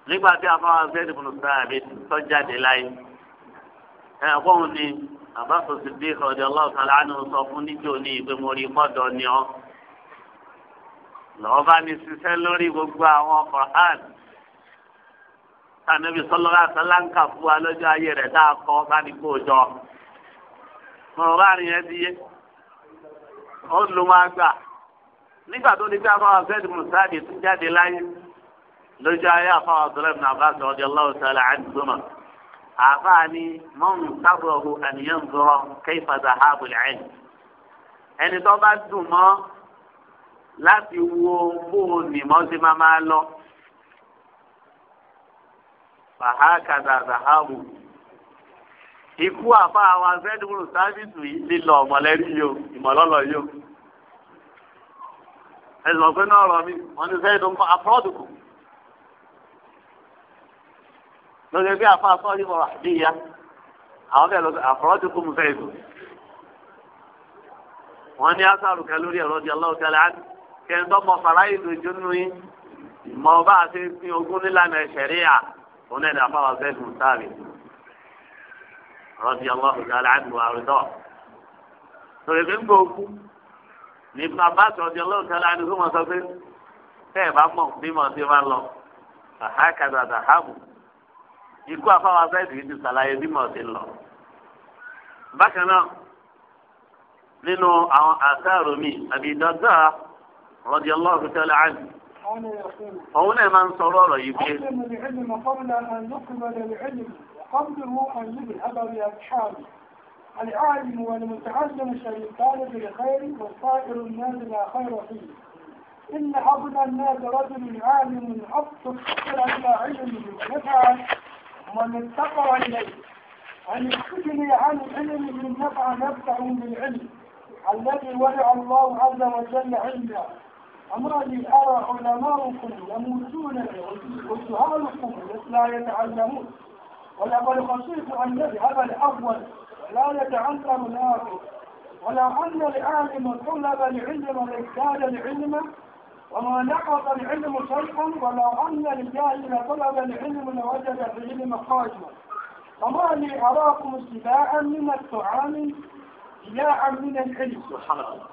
nígbà tí a fọwọ́ zayd ibn sabit tó jáde láyé ẹ̀ ọ̀pọ̀hún ni abbas siddiq radiyallahu ta'ala anhu sọ fún níjó ní ìgbé mórí mọ́dọ̀ ni ọ́ lọ́wọ́ bá ní ṣiṣẹ́ lórí gbogbo àwọn Qur'an tànàbí sọlọ́lá àtàlánkà fún wa lọ́jọ́ ayé rẹ̀ tá kọ́ bá ní kóòjọ. mọ̀rọ̀ bá rìn yẹn nígbà tó ní bí afáwọn zed musaadi tún jáde láyé lójú ayé afáwọn abdullahi bin abbas radiyallahu ta'ala anhuma àfààní mọ́n sábọ̀hu àníyàn zọrọ kayfa dhahabu al-'ayn ẹni tó bá dùn mọ́ láti wo bóun ní mọ́ máa máa lọ fàhákàdà dhahabu ikú àfáwọn zed musaadi tún yìí lílọ ọmọlẹ́rí yìí o ìmọ̀lọ́lọ́ yìí o ẹ̀sùn pé náà rọ̀ mí wọ́n ní sẹ́yìn tó ń kọ́ àfọ́dùkù. lórí bí àfa sọ́ọ́lì bọ̀ àdéhìá àwọn bẹ́ẹ̀ lọ sí àfọ́dùkù mú sẹ́yìn tó. wọ́n ní asàrù kan lórí ẹ̀rọ di ọlọ́run tẹ́lẹ̀ á kẹ́ni tó mọ fàlàyé lójú nù yín mọ bá a ṣe fi ogún nílànà ìṣẹ̀ríyà òun ẹ̀dá fáwọn sẹ́yìn tó ń sáré. rọ́ọ̀dì ọlọ́run tẹ́lẹ̀ á ní ibùdó abáṣọ ọdí ọlọ́run tẹ́lẹ̀ á ní fún wọn sọ pé tẹ́ ẹ̀ bá mọ̀ bí mo ti máa lọ àhákàdà àdàhámù ikú afáwọn abẹ́ẹ̀dì yìí ti sàlàyé bí mo ti lọ. bákan náà nínú àwọn àtàrò mi àbí dọ́gà ọdí ọlọ́run tẹ́lẹ̀ á ní. òun máa ń sọ̀rọ̀ ọ̀rọ̀ yìí pé. ọ̀sẹ̀ mi ni ẹni mọ̀ kọ́ العالم والمتعلم شريكان بخير وسائر الناس لا خير فيه إن أفضل الناس رجل عالم أبصر إلى علمه ونفعل من اتقى إليه أن يستغني عن علم من نفع نفسه بالعلم الذي وضع الله عز وجل عنده أمرني أرى علماؤكم يموتون وسهالكم لا يتعلمون ولقد خشيت أن يذهب الأول لا يتعلم نافع ولا أن العالم طلب العلم وازداد العلم وما نقض العلم شيئا ولا أن الجاهل طلب العلم وجد في العلم خاجما وما لي أراكم ابتداء من الطعام ابتداء من العلم سبحان الله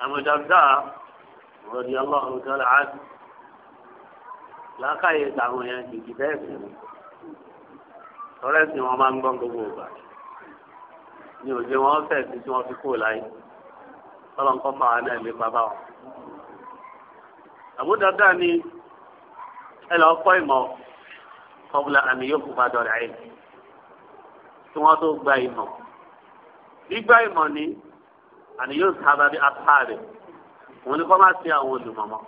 أبو الدرداء رضي الله تعالى عنه لا قيد àwọn yẹn ti kìtẹ́ ẹ̀sìn wọn máa ń gbọ́n gbogbo ìgbà ni òjò wọn fẹ́ sí tí wọ́n fi kú láyé tọ́lọ̀ ń kọ́ fà á náà lé bàbá wọn. àbúdàdà ni ẹ lọ kọ́ ìmọ̀ kọ́bùlà àmì yóò fún padà rẹ̀ kí wọ́n tó gba ìmọ̀. gbígbá ìmọ̀ ni àmì sábà bí apá òun ni kọ́ máa ṣe àwọn olùmọ̀mọ́.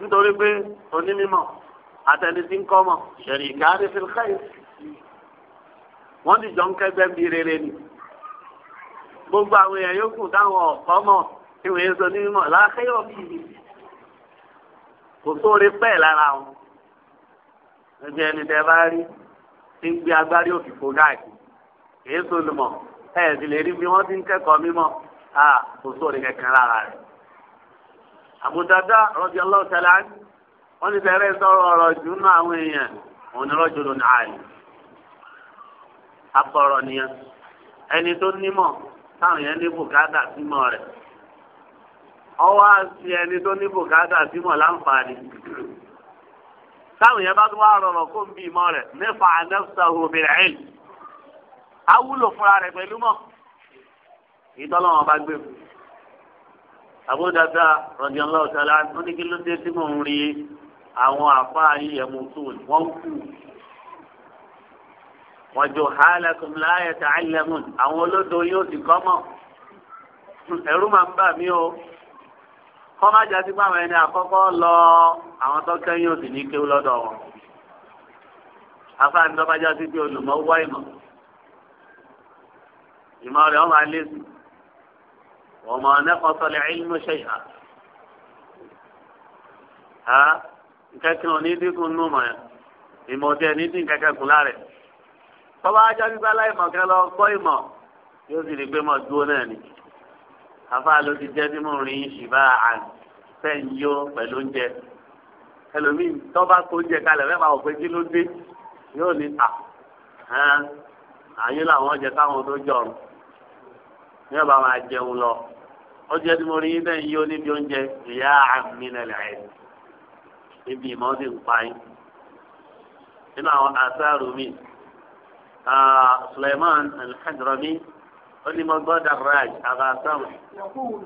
nítorí pé onímọ̀ àtẹnisí ń kọ́ mọ̀ ṣẹ̀rì wọ́n ti jọ ń kẹ́gbẹ́ bí rere ni gbogbo àwọn èèyàn yòókù táwọn ọ̀pọ̀ mọ̀ ìwé sọ ní mímọ̀ lákẹ́yọ̀ kìí kò sóore pẹ́ lára wọn ẹgbẹ́ ẹni tẹ́ bá rí ti ń gbé agbárí òfìfo káàkiri èyí tó lùmọ̀ ẹ̀ sì lè rí bí wọ́n ti ń kẹ́kọ̀ọ́ mímọ̀ kò sóore kankan lára rẹ̀ àbùdàdà rọ̀bì ọlọ́ọ̀tẹ̀lá wọ́n ti bẹ̀rẹ̀ sọ̀rọ̀ ọ̀rọ̀ jù akọ̀rọ̀ nìyẹn ẹni tó nímọ̀ táwọn yẹn ní bùkátà símọ̀ rẹ̀ ọwọ́ àti ẹni tó ní bùkátà símọ̀ láǹfààní táwọn yẹn bá tún wá rọrọ̀ kó ń bí ìmọ̀ rẹ̀ mẹ́fà anẹ́fṣàhùn obìnrin ẹ̀yìn awúlò fúnra rẹ̀ pẹ̀lú mọ̀ ìtọ́lọ́wọ́n bá gbé fún abúdàdà rọ̀jọ̀ńlọ́ọ̀tàlá ó tí mò ń rí àwọn àfáà yìí ẹ̀mú tó wọ́n kú وجهالكم لا يتعلمون àwọn olódo yóò ti kọ́ mọ̀ ẹ̀rú máa ń bà mí o kọ́ má jà sí pàmò ẹni àkọ́kọ́ lọ àwọn tó kẹ́yìn òsì ní kéwú lọ́dọ̀ wọn afáàní tó bá já sí pé olùmọ̀ wá ìmọ̀ ìmọ̀ rẹ̀ wọ́n máa lé sí wọ́n mọ̀ nẹ́kọ̀ọ́sọ̀lẹ̀ ìlú ṣẹ̀yà ha kẹ́kẹ́ òní dínkù nù mọ̀ ìmọ̀ tí ní dín kẹ́kẹ́ kù lára tọ́ba ajá gbígbá láì mọ̀ kẹ́ lọ kọ́ ìmọ̀ yóò sì rí pé mọ̀ dúró náà ni afá ló ti jẹ́ bí mo rìn ṣìbá àtẹ̀yọ́ pẹ̀lú oúnjẹ ẹlòmíì tọ́ba kó oúnjẹ kalẹ̀ fẹ́ máa wò pé kí ló dé yóò ní à àyè làwọn jẹ káwọn tó jọrùn ní ọba máa jẹun lọ oúnjẹ tí mo rí yín náà yíyó níbi oúnjẹ ìyá àmìnàlẹ̀ ẹ̀ níbi ìmọ̀ sí ń pa yín nínú àwọn àṣà سليمان الحجرمي اللي مضاد الراج هذا سامح يقول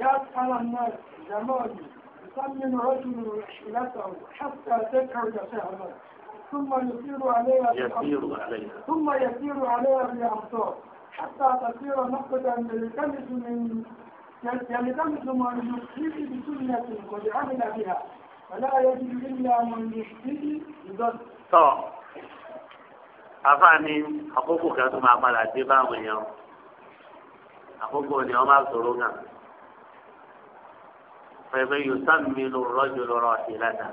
يا يسأل الناس زماني يسمن رجل رحلته حتى تكعد شهرا ثم يسير عليها يسير عليها ثم يسير عليها بالأمطار حتى تصير نقدا يلتمس من يلتمس من يخفيه بسنة قد عمل بها فلا يجد إلا من يخفيه بذنب. àfààní àkókò kan tó máa padà dé báwọn èèyàn àkókò ni wọn máa sọ̀rọ̀ náà pẹ̀lú yóò sàmì lò rọ́jò lọ́rọ̀ ìlànà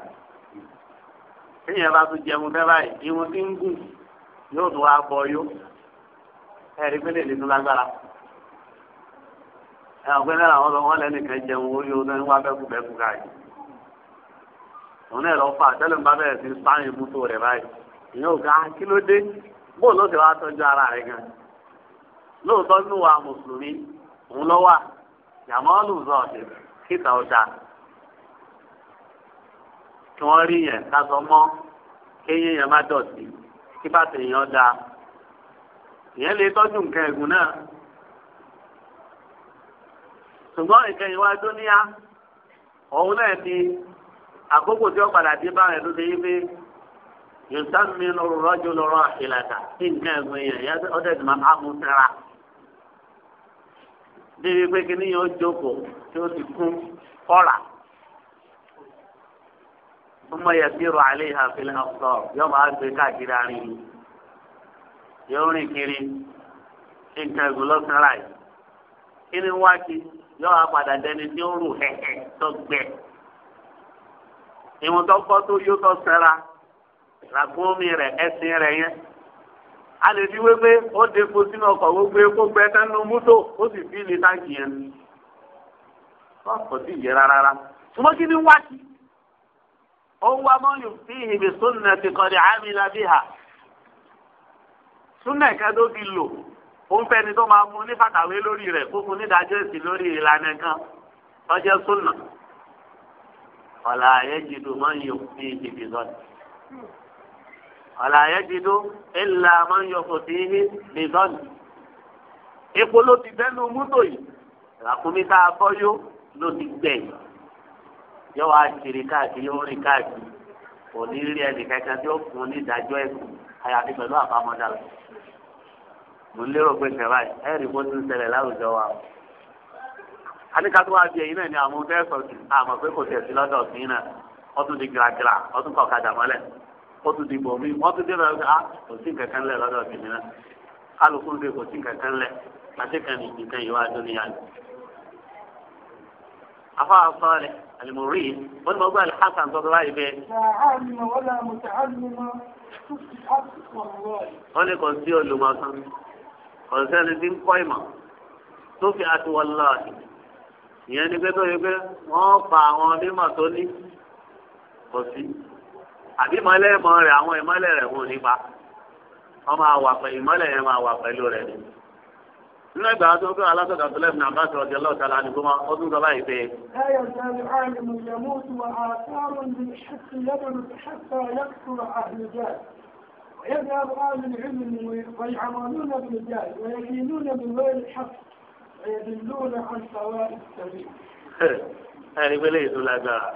tíyẹn bá tún jẹun fẹ́ báyìí irun tí ń gùn yóò tún wá bọ yó ẹ̀rí pé lè nínú lágbára ẹ̀ ọ̀gbẹ́ náà àwọn ọlọ́wọ́ lẹ́nìkan jẹun orí oní wá bẹ́kù bẹ́kù káàkiri òun náà lọ fà tẹ́lẹ̀ ń bá bẹ̀rẹ̀ sí sáyìn mú tó rẹ̀ báyìí ìyẹn ò ga kí ló dé bóun ló ti wá tọ́jú ara rẹ̀ gan lóòótọ́ ní wa mùsùlùmí òun lọ wà yàmọ́ lùzọ́ ọ̀dẹ̀ kíta ọ̀dà kí wọ́n rí yẹn kásọ mọ́ kéyìn yẹn má dọ̀tí kí bá ti yàn da ìyẹn lè tọ́jú nǹkan ẹ̀gùn náà ṣùgbọ́n ìkẹyìn wa tó níyà òun náà ti àkókò tí ó padà dé bá rẹ̀ ṣe yí pé yòtàmí lọ́rọ́jò lọ́rọ́ àṣìlàkà tí nǹkan ẹ̀gbọ́n yẹn yá ọdẹ tí màmá mú sára. Bíbi pé kí níyàn ó jókòó tí ó ti kún kọ́ra. Ọmọ yẹn fi rọ àlẹ́ ìhà fílẹ̀ ọ̀sọ̀ yóò máa gbé káàkiri àárín yìí. Yóò rìn kiri tí nǹkan ẹ̀gbọ́n lọ sára yìí. Kí ni wá kí padà dẹni tí ó rù hẹ̀hẹ̀ tó gbẹ. Ìwọ̀n tó yóò tó sára ràgbómi rẹ̀ ẹṣin rẹ̀ yẹn a lè fi wé pé ó depo sínú ọkọ̀ gbogbo epo gbẹ tẹnu mọ́tò ó sì fi lè táǹkì yẹn wọn kò sí yẹ rárá ṣùgbọ́n kí ni wá sí ó ń wá mọ́yò sí ìhìbì súnà ti kọ́ni àmìlà bí hà súnà kan tó fi lò ó ń fẹ́ni tó máa mú ní fàtàwé lórí rẹ̀ kó fún nídàájọ́ èsì lórí ìlànà kan lọ́jọ́ súnà ọ̀là ayé jìdùmọ́ sí ìhìbì lọ́dún àlàyé dídó ẹ̀là máa ń yọkọ̀ sí ihe nìdọ́nì. epo ló ti bẹ́nu mútò yìí ràkúnmí tá a bọ́ yó ló ti gbẹ̀ yìí. yọ wá kiri káàkiri ó rìn káàkiri kò ní rí ẹnì kankan tí ó fún un ní ìdájọ́ ẹ̀kú pẹ̀lú àbámọ́dá rẹ̀. mo lérò pé kẹ̀rẹ́ ẹ̀ ẹ̀rí bó ti ń ṣẹlẹ̀ láwùjọ wa. aníkàtúwà bíi ẹ̀yin náà ni àwọn ọmọ fẹ́ sọ̀tún àmọ̀ pé kò tẹ̀sí lọ́dọ̀ sí náà ọtún di gíragíra ó tún dìbò mí wọ́n tún dé lọ́wọ́ ah kò sí nǹkan kan lẹ̀ lọ́dọ̀ tèmi náà kálukú ń pè kò sí nǹkan kan lẹ̀ àti kan ní nǹkan yìí wá dún níyàlú. afa asọ́ọ̀lẹ̀ alimori wọ́n mọ̀ gbọ́ alihasan tó dọ́wọ́ ibẹ̀. wọ́n ní kò sí olùmọ̀sán kò sẹ́ni tí ń kọ́ ìmọ̀ tó fi àtiwọ́lá ìyẹn ni pé tó yẹ pé wọ́n pa àwọn mímọ̀ tó ní kò sí àbí ìmọ̀lẹ̀ mọ rẹ̀ àwọn ìmọ̀lẹ̀ rẹ̀ wọn nípa wọn máa wà pẹ̀lú ìmọ̀lẹ̀ yẹn máa wà pẹ̀lú rẹ̀ ni. nínú ìgbà tó ń fẹ́ alásọ̀dà tó lẹ́sìn àbá sọ̀rọ̀ jẹ́ lọ́ọ̀ta la nìkú máa ó tún sọ báyìí pé. ويذهب أهل العلم ويعملون بالجهل ويدينون بغير الحق ويدلون عن سواء السبيل. هذه بليت الأداء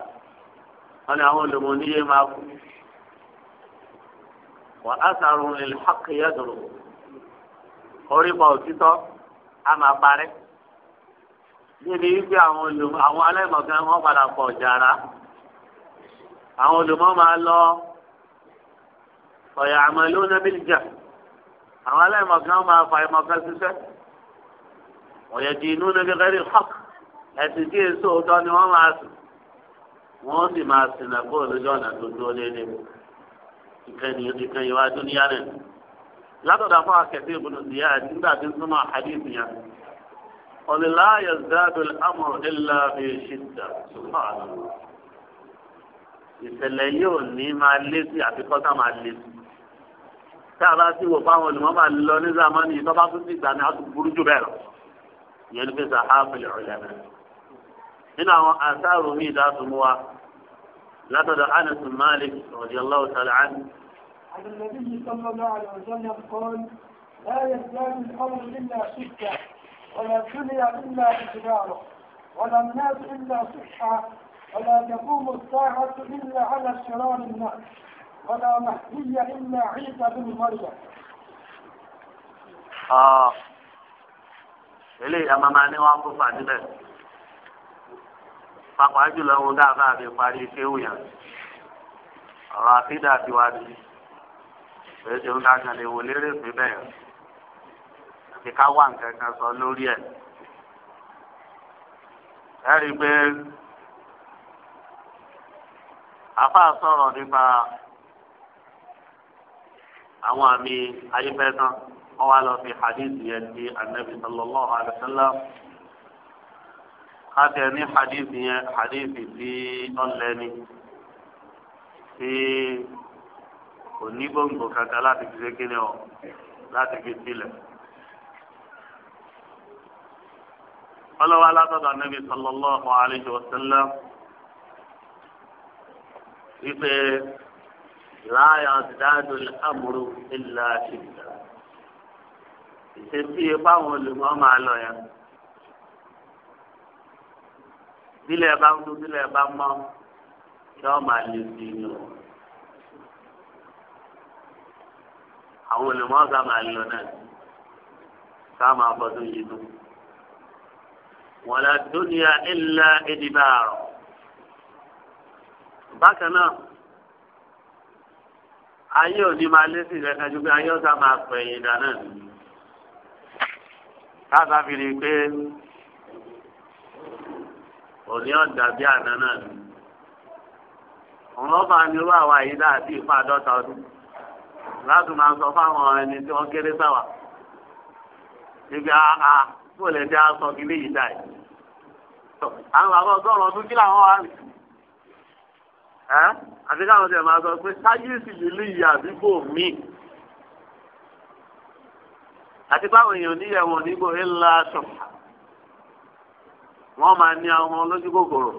wọn ni àwọn olùmọ̀ oníyé máa kú wà á sàrùn lè hàkìyà dùrù orí pa òtítọ́ a máa parẹ́ níbi wípé àwọn olùmọ̀ àwọn aláìmọ̀kan wọn padà pọ̀ jàrá àwọn olùmọ̀ máa lọ ọ̀yà àmọ́lú nábìlìjà àwọn aláìmọ̀kan máa fa ìmọ̀kan ṣiṣẹ́ ọ̀yà dì inú níbi rẹ́rì ẹ̀sìn tí èso ọ̀dọ́ ni wọ́n máa sùn wọ́n sì máa sinà kó lójú ọ̀nà tó dúró léde ìkànnì wa dúníyà rẹ̀ látọ̀dọ̀ afọ akẹ́tẹ́ ìbùdó sí yá àti nígbà tí ń súnmọ́ àdìs yẹn ọ̀lẹ́lá yazdadu al-amru illa bi shidda subhanallah ìṣẹ̀lẹ̀ yóò ní máa lé sí àfikọ́sá máa lé sí tá a bá sì wò fáwọn olùmọ́ máa lọ ní zamani tó bá tún ti gbà ní àtúburú jù bẹ́ẹ̀ lọ ìyẹn ní fi sàhábìlì ọ̀lẹ́mẹ́rin. nínú آثار àṣàrò mi ìdásù mú wa مالك رضي الله تعالى عنه عن النبي صلى الله عليه وسلم قال لا يزداد الامر الا شده ولا الدنيا الا اجباره ولا الناس الا صحه ولا تقوم الساعه الا على شرار الناس ولا مهدي إلا عيسى بن مريم آه إلي أما معني واقف عن pàpà jùlọ ohun dáadáa fi parí kéwù yẹn ọ̀rọ̀ àfídà ti wá di èsì ń dájọ́ lè wò lérè pé bẹ́ẹ̀ àti ká wà nǹkan kan sọ lórí ẹ̀ ẹ rí i pé àfa sọ̀rọ̀ nípa àwọn àmì ayífẹ́ tán wọ́n wá lọ fi hadith yẹn ti anabi sallallahu alayhi wa sallam. حتى يعني حديث حديث في أنلاني في onígbòǹgbò kankan láti fi ṣe kíni ọ láti fi sílẹ̀. ọlọ́wọ́ alátọ́dọ̀ anábì sallallahu alayhi wa sallam wípé láàyò àtìdáàdù amúrú illa ṣìkà ìṣesí ipá àwọn olùmọ̀ máa lọ yẹn. bílẹ̀ bá ń lu bílẹ̀ bá mọ́ yọ máa lè fi nù. àwọn olùmọ̀ ọ̀gá máa lọ náà ká máa bọ́ tó yé nù. wọ́n la dúnìá ilà ìdìbò àrọ̀. bákan náà ayé òní máa lé sí ìrẹ́ka pé ayé ọ̀gá máa pẹ̀yìn dáná. ká sábà fi rí i pé òní ọ̀dà bí àná náà ni òun lọ́ba ni irú àwa yìí dáa sí ìfá ọdún láti máa sọ fáwọn ẹni tí wọ́n kéré sáwà níbi àá kó lè dé aṣọ kí léyìí dáa yìí àwọn bàbá ọgọ́rùn ọdún kí làwọn wà ní. ẹ àti káwọn tẹ̀ máa sọ pé sáyẹ́sì nílé yìí àdúgbò míì àti báwọn èèyàn níyẹ̀wò nígbò ńlá ṣọ̀fà wọ́n máa ní àwọn olójú kòkòrò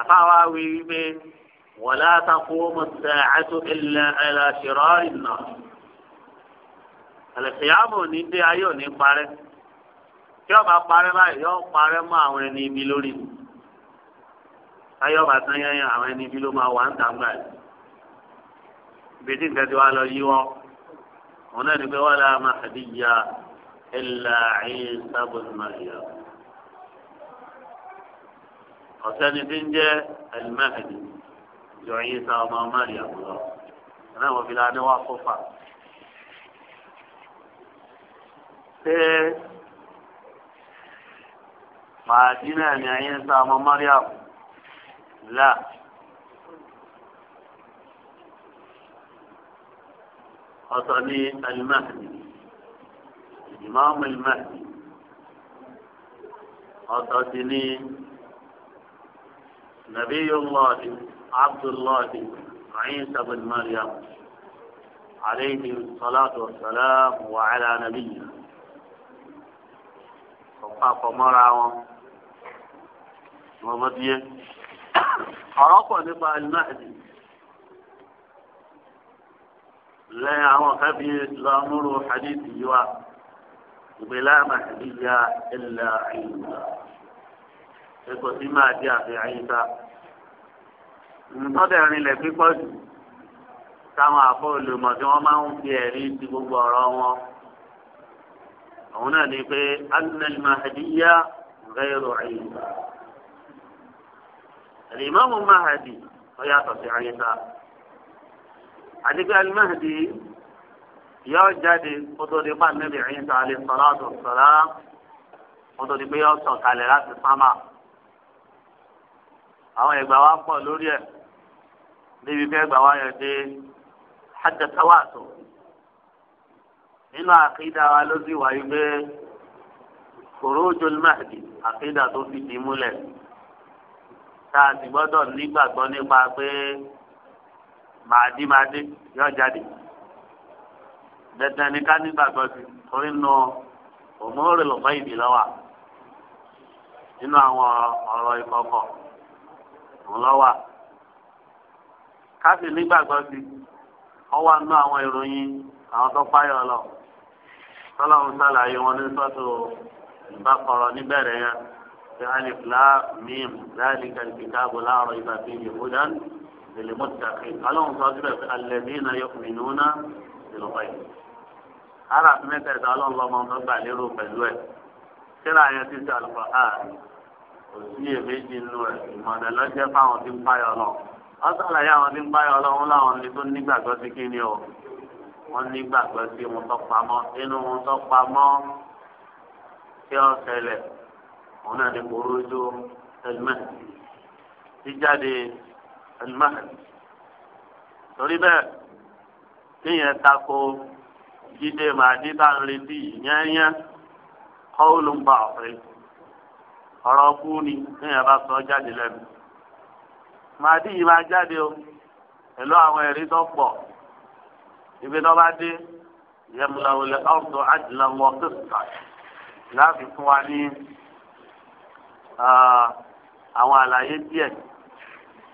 àfáwa wí wípé wọlé àtàkù mọ̀tẹ́ àtú ilẹ̀ ẹlẹ́ṣirọ́ ìnà àlẹ́fẹ̀yàmù ní dé ayé òní parẹ́ tí ọba parẹ́ báyìí yọ parẹ́ mọ́ àwọn ẹni ibi lórí ayọba tán yẹn àwọn ẹni ibi ló máa wà ń tàgbà yìí tí nǹkan ti wá lọ yí wọ́n òun náà ní pé wọ́n lọ́ọ́ máa fẹ́ bí ayé sábà máa yọ. قسان فنجة المهدي لعيسى ماماري أبو الله أنا هو في العنواء صفا ما أدينا أن عيسى مريم لا قصني المهدي الإمام المهدي قصني نبي الله عبد الله عيسى بن مريم عليه الصلاة والسلام وعلى نبينا فقاف مرعوا ومضي حرق نبع المهدي لا يعوى خبي لا نور حديث يوى بلا مهدي إلا عند kò sí máa di àfihàn yìí ta nǹkan ẹ̀rin lẹ̀ pípọ̀ jù táwọn àfọ olùmọ̀ tí wọ́n máa ń fi ẹ̀rí ti gbogbo ọ̀rọ̀ wọn òun náà ní pé mahadi àwọn ẹgbà wa pọ̀ lórí ẹ̀ níbi fẹ́ gbà wá yẹn dé hajj tawaso nínú àkídà wa ló sì wáyé pé khurujul mahdi àkídà tó fi dì í múlẹ̀ tá a sì gbọ́dọ̀ nígbàgbọ́ nípa pé màdí màdí yọ jáde dandan ni ká nígbàgbọ́ sí torí nù òmùrè lọ́kọ́ ìdí lọ́wọ́ nínú àwọn ọ̀rọ̀ ìkọ̀kọ̀ ńlọ́wà káfí nígbàgbọ́ sí ọwọ́ àánú àwọn ìròyìn àwọn tó fáyọ̀ lọ tọ́lọ́run sàlàyé wọn ní sọ́tò ìbákọ̀rọ̀ níbẹ̀rẹ̀ yẹn ti alif láà mím láàlì kàlìkìtà bò láàrọ̀ ìgbà fi yehúdán lèlè mọ́tàkì ọlọ́run sọ síbẹ̀ pé alẹ́bí náà yọ mìíràn náà lèlò báyìí. ara fi mẹ́tẹ̀ẹ̀ta ọlọ́run lọ́mọ tó gbà lérò pẹ̀lú ẹ̀ síra yẹn ti sàlùfà áàrin kò sí èméjì nínú ẹ̀ ìmọ̀nà lọ́jẹ́ fáwọn tí ń báyọ̀ lọ. wọ́n sàlàyé àwọn tí ń báyọ̀ lọ wọn láwọn ní tó nígbàgbọ́ sí kí ni o wọ́n nígbàgbọ́ sí wọn tó pamọ́ inú wọn tó pamọ́ tí ó ṣẹlẹ̀ wọn náà ní korojú ẹlmẹ́t jíjáde ẹlmẹ́t torí bẹ́ẹ̀ kíyẹn tako jíde màdí tá à ń retí yẹ́nyẹ́ kọ́ ló ń bá ọ̀rẹ́ ọ̀rọ̀ ọkú ni lẹ́yìn bá sọ jáde lẹ́nu. màdí yìí máa jáde o pẹ̀lú àwọn ẹ̀rí tó pọ̀ ibi tó bá dé yẹmúlẹ̀wọlẹ̀ ọ̀dọ̀ àjùlẹ̀wọ̀ kìsìkà láti fún wa ní àwọn àlàyé díẹ̀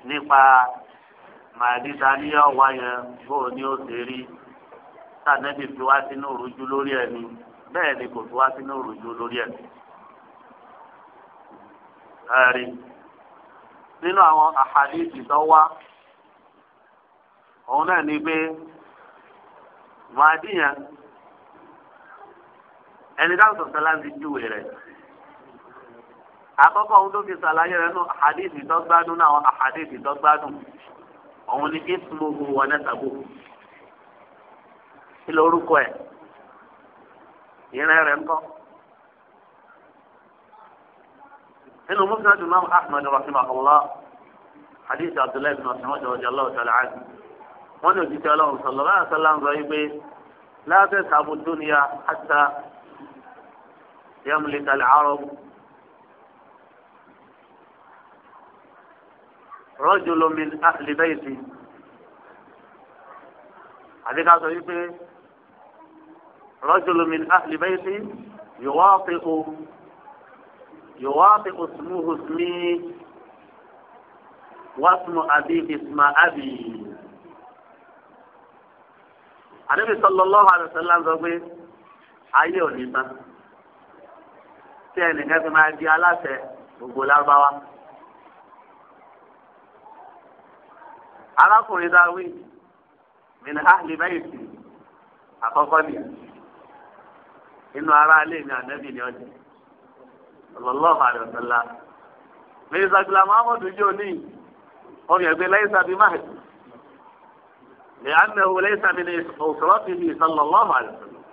nípa màdí dání ọ̀wá yẹn bóun ni ó ṣe rí sáà nẹ́bí fi wá sínú òrùjú lórí ẹni bẹ́ẹ̀ ni kò fi wá sínú òrùjú lórí ẹni ẹ̀rí nínú àwọn àhàdíìsì tó wá òun náà ni pé màdí yẹn ẹni dáhùn sọ̀tẹ́ láti júwe rẹ̀ àkọ́kọ́ ohun tó fi ṣàlàyé rẹ̀ nù àhàdíìsì tó gbádùn náà àwọn àhàdíìsì tó gbádùn òun ni ismuhu wa nasabuhu kí lorúkọ ẹ̀ ìrìn rẹ̀ ń kọ́. nínú musnad imam ahmed rahimahullah hadith abdullahi bin mas'ud radiyallahu ta'ala anhu wọn ní òjijì ọlọ́run sallallahu alaihi wasallam ń sọ yìí pé la tashabu dunya hatta yamlika al-arab rajulun min ahli bayti àti ká sọ yìí pé rajulun min yòówá pé o. يوافق اسمه اسمي واسم أبيه اسم أبي النبي صلى الله عليه وسلم sọ ayé ò tán tí ẹnìkan fi máa di aláṣẹ gbogbo lárúbáwá arákùnrin dáwí min ahli àkọ́kọ́ ni inú ara ilé mi ànábì ni ọjọ́. sallallahu alaihi wasallam mirza gulam ahmadu jẹ́ òní ọmọ ẹgbẹ́ laysa bi mahdi li'annahu laysa min usratihi sallallahu alaihi wasallam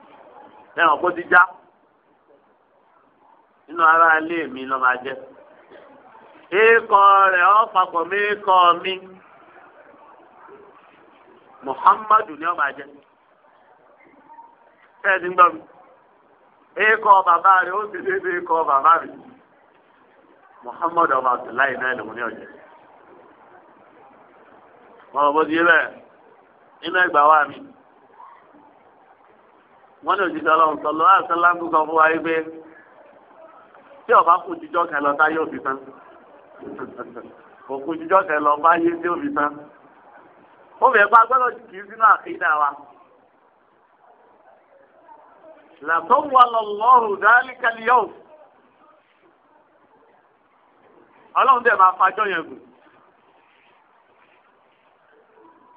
ẹ̀ ọ̀pọ̀ ti já nínú ara ilé mi lọ́ máa jẹ́ ikọ̀ rẹ̀ ọ́ papọ̀ mí mi muhammadu ni ọ máa jẹ́ ẹ̀ ti ń gbọ́ mi. Ịkọ bàbá rẹ̀ o sì ịkọ ikọ̀ bàbá Muhammadu Abdullahi náà lòun ní ọjọ́ wọn bó a. yé bẹ́ẹ̀ ịgba wa mi wọn ní òjijì Ọlọ́run sọlọ àṣàlá ń wa yìí tí ọba kù jíjọ kan lọ táyé òbí tán òkú jíjọ kan lọ bá yé tí tán sínú wa. làtọ́wọ́lọ́ lọ́rùn dáálíkàlì yọ̀ọ́ ọlọ́run dẹ̀ máa fàjọ yẹn gùn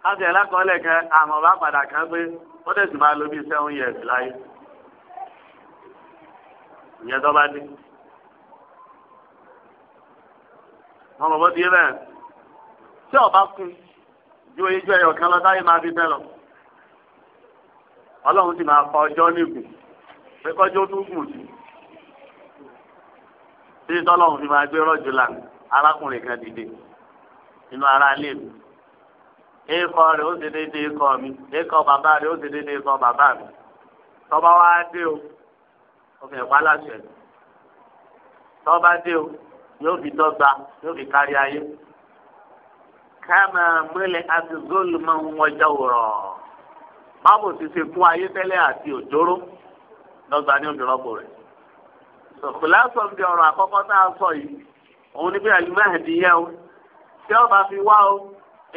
káàdì ẹ̀ lákọọ́lẹ̀ kan àmọ́ bá padà kan pé ó dẹ̀ sì máa lo bíi seven years láyé ìyẹn tó bá dé wọn bọ̀ bọ́ di bẹ́ẹ̀ tí ọba kún ju oyejú ẹyọ kan lọ táyé máa fi bẹ́ẹ̀ lọ ọlọ́run sì máa fa ọjọ́ nígùn pé kọjú ó tún gùn sí tí tọ́lọ́hún fi máa gbé rọ́jò la arákùnrin kan dìde nínú ara ilé mi ikọ̀ rẹ̀ ó ṣe déédéé ikọ̀ mi ikọ̀ bàbá rẹ̀ ó ṣe déédéé ikọ̀ bàbá mi tọ́ba wá dé o ọkàn ẹ̀kọ́ aláṣẹ tọ́ba dé o yóò fi dọ́gba yóò fi kárí ayé káàmà mẹ́lẹ̀ àti zolomọ̀ ń wọjọ́ rọ̀ báwo ti ṣe fún ayé tẹ́lẹ̀ àti òjòrò lọ́gbà ní òmìnirọ́pò rẹ̀. sọ̀kùlá sọ bí ọ̀rọ̀ àkọ́kọ́ tá a sọ yìí òun ni bí alimahdi yẹ o tí ó bá fi wá o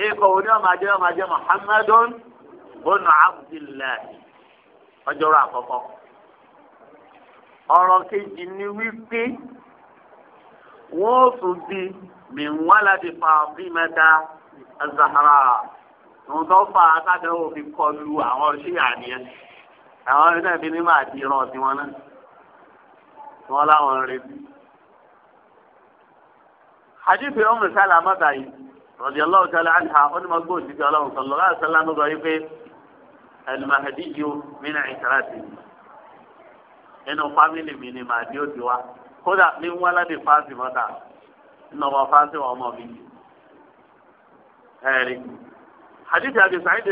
èkó òun ni ó máa jẹ́ ó máa jẹ́ muhammadun bọ́nà abdullahi ọjọ́rọ̀ àkọ́kọ́. ọ̀rọ̀ kejì ni wípé wọ́n tún bí min waladi Fatimata az-Zahra. òun fà á kájọ́ òfin kọlu àwọn ṣíyà nìyẹn. àwọn ẹni náà fi máa di irun tiwọn náà tí wọn láwọn ń retí. àdìsí ọmọ ìsàlẹ̀ àmọ́ta yìí rọ̀dí ọlọ́run sọlá àdìhà ó òṣìṣẹ́ ọlọ́run sọlọ́ láti sọlá ló yìí pé ẹnìmọ̀hẹ́dì yìí ó mí inú fámìlì mi ni màá di ó ti kódà ní wọn láti mọ́ta nínú ọmọ wọn ọmọ mi.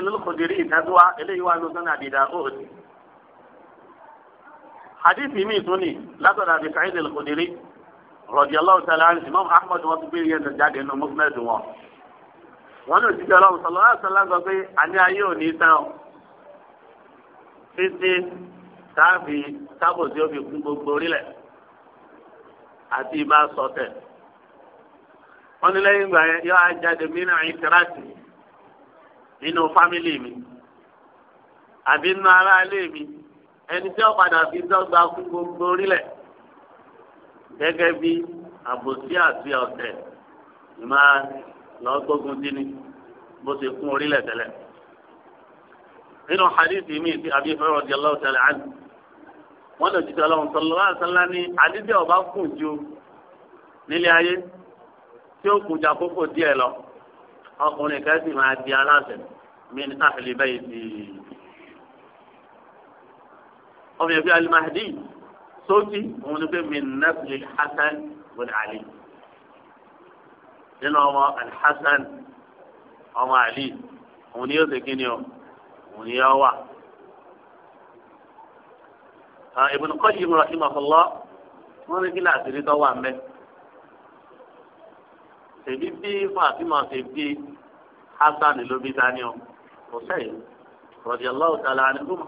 lóko eléyìí hadithi mi tún ni látọ̀dọ̀ àbí Sa'id al-Khudri radiyallahu ta'ala anhu imam ahmed wọn tún gbé yẹn tó jáde nínú musnad wọn. wọn ní òjijì ọlọ́run sọlọ láti sọlá sọ pé àní ayé ò ní tán títí táàbì tábòsí ó fi kún gbogbo orílẹ̀ àti ibà sọtẹ̀ wọn ní lẹ́yìn ìgbà yẹn yọ ajáde mí náà ìtìrátì nínú fámìlì mi àbí nínú aráalé mi ẹni tí wọ́n padà fi dọ́gba fún gbogbo orílẹ̀ gẹ́gẹ́ bí àbòsí àti ọ̀tẹ̀ máa lọ gbógun dí ni bó ṣe kún orílẹ̀ tẹ́lẹ̀. nínú hadith mi ti Abi Hurairah radiyallahu ta'ala anhu wọ́n lọ jíjọ ọlọ́run sallallahu alaihi wasallam ní àdídé ọba kù ju nílé ayé tí ó kùn jà kókò díẹ̀ lọ ọkùnrin kan máa di aláṣẹ mi ní sáfìlì bẹ́ẹ̀ ti yìí ọmọ ẹ̀fẹ́ alimahdi sóòtì òun ni pé minnatul hasan bin ali nínú ọmọ alhassan ọmọ ali òun ni yóò ṣe kíni o òun ni yóò wà. ibn qayyim rahimahullah wọ́n ní kí láàṣírí tó wà mẹ́. ṣèbí bí fatima ṣe bí hasan ló bí sani o kò sẹ́yìn radiyallahu ta'ala anhuma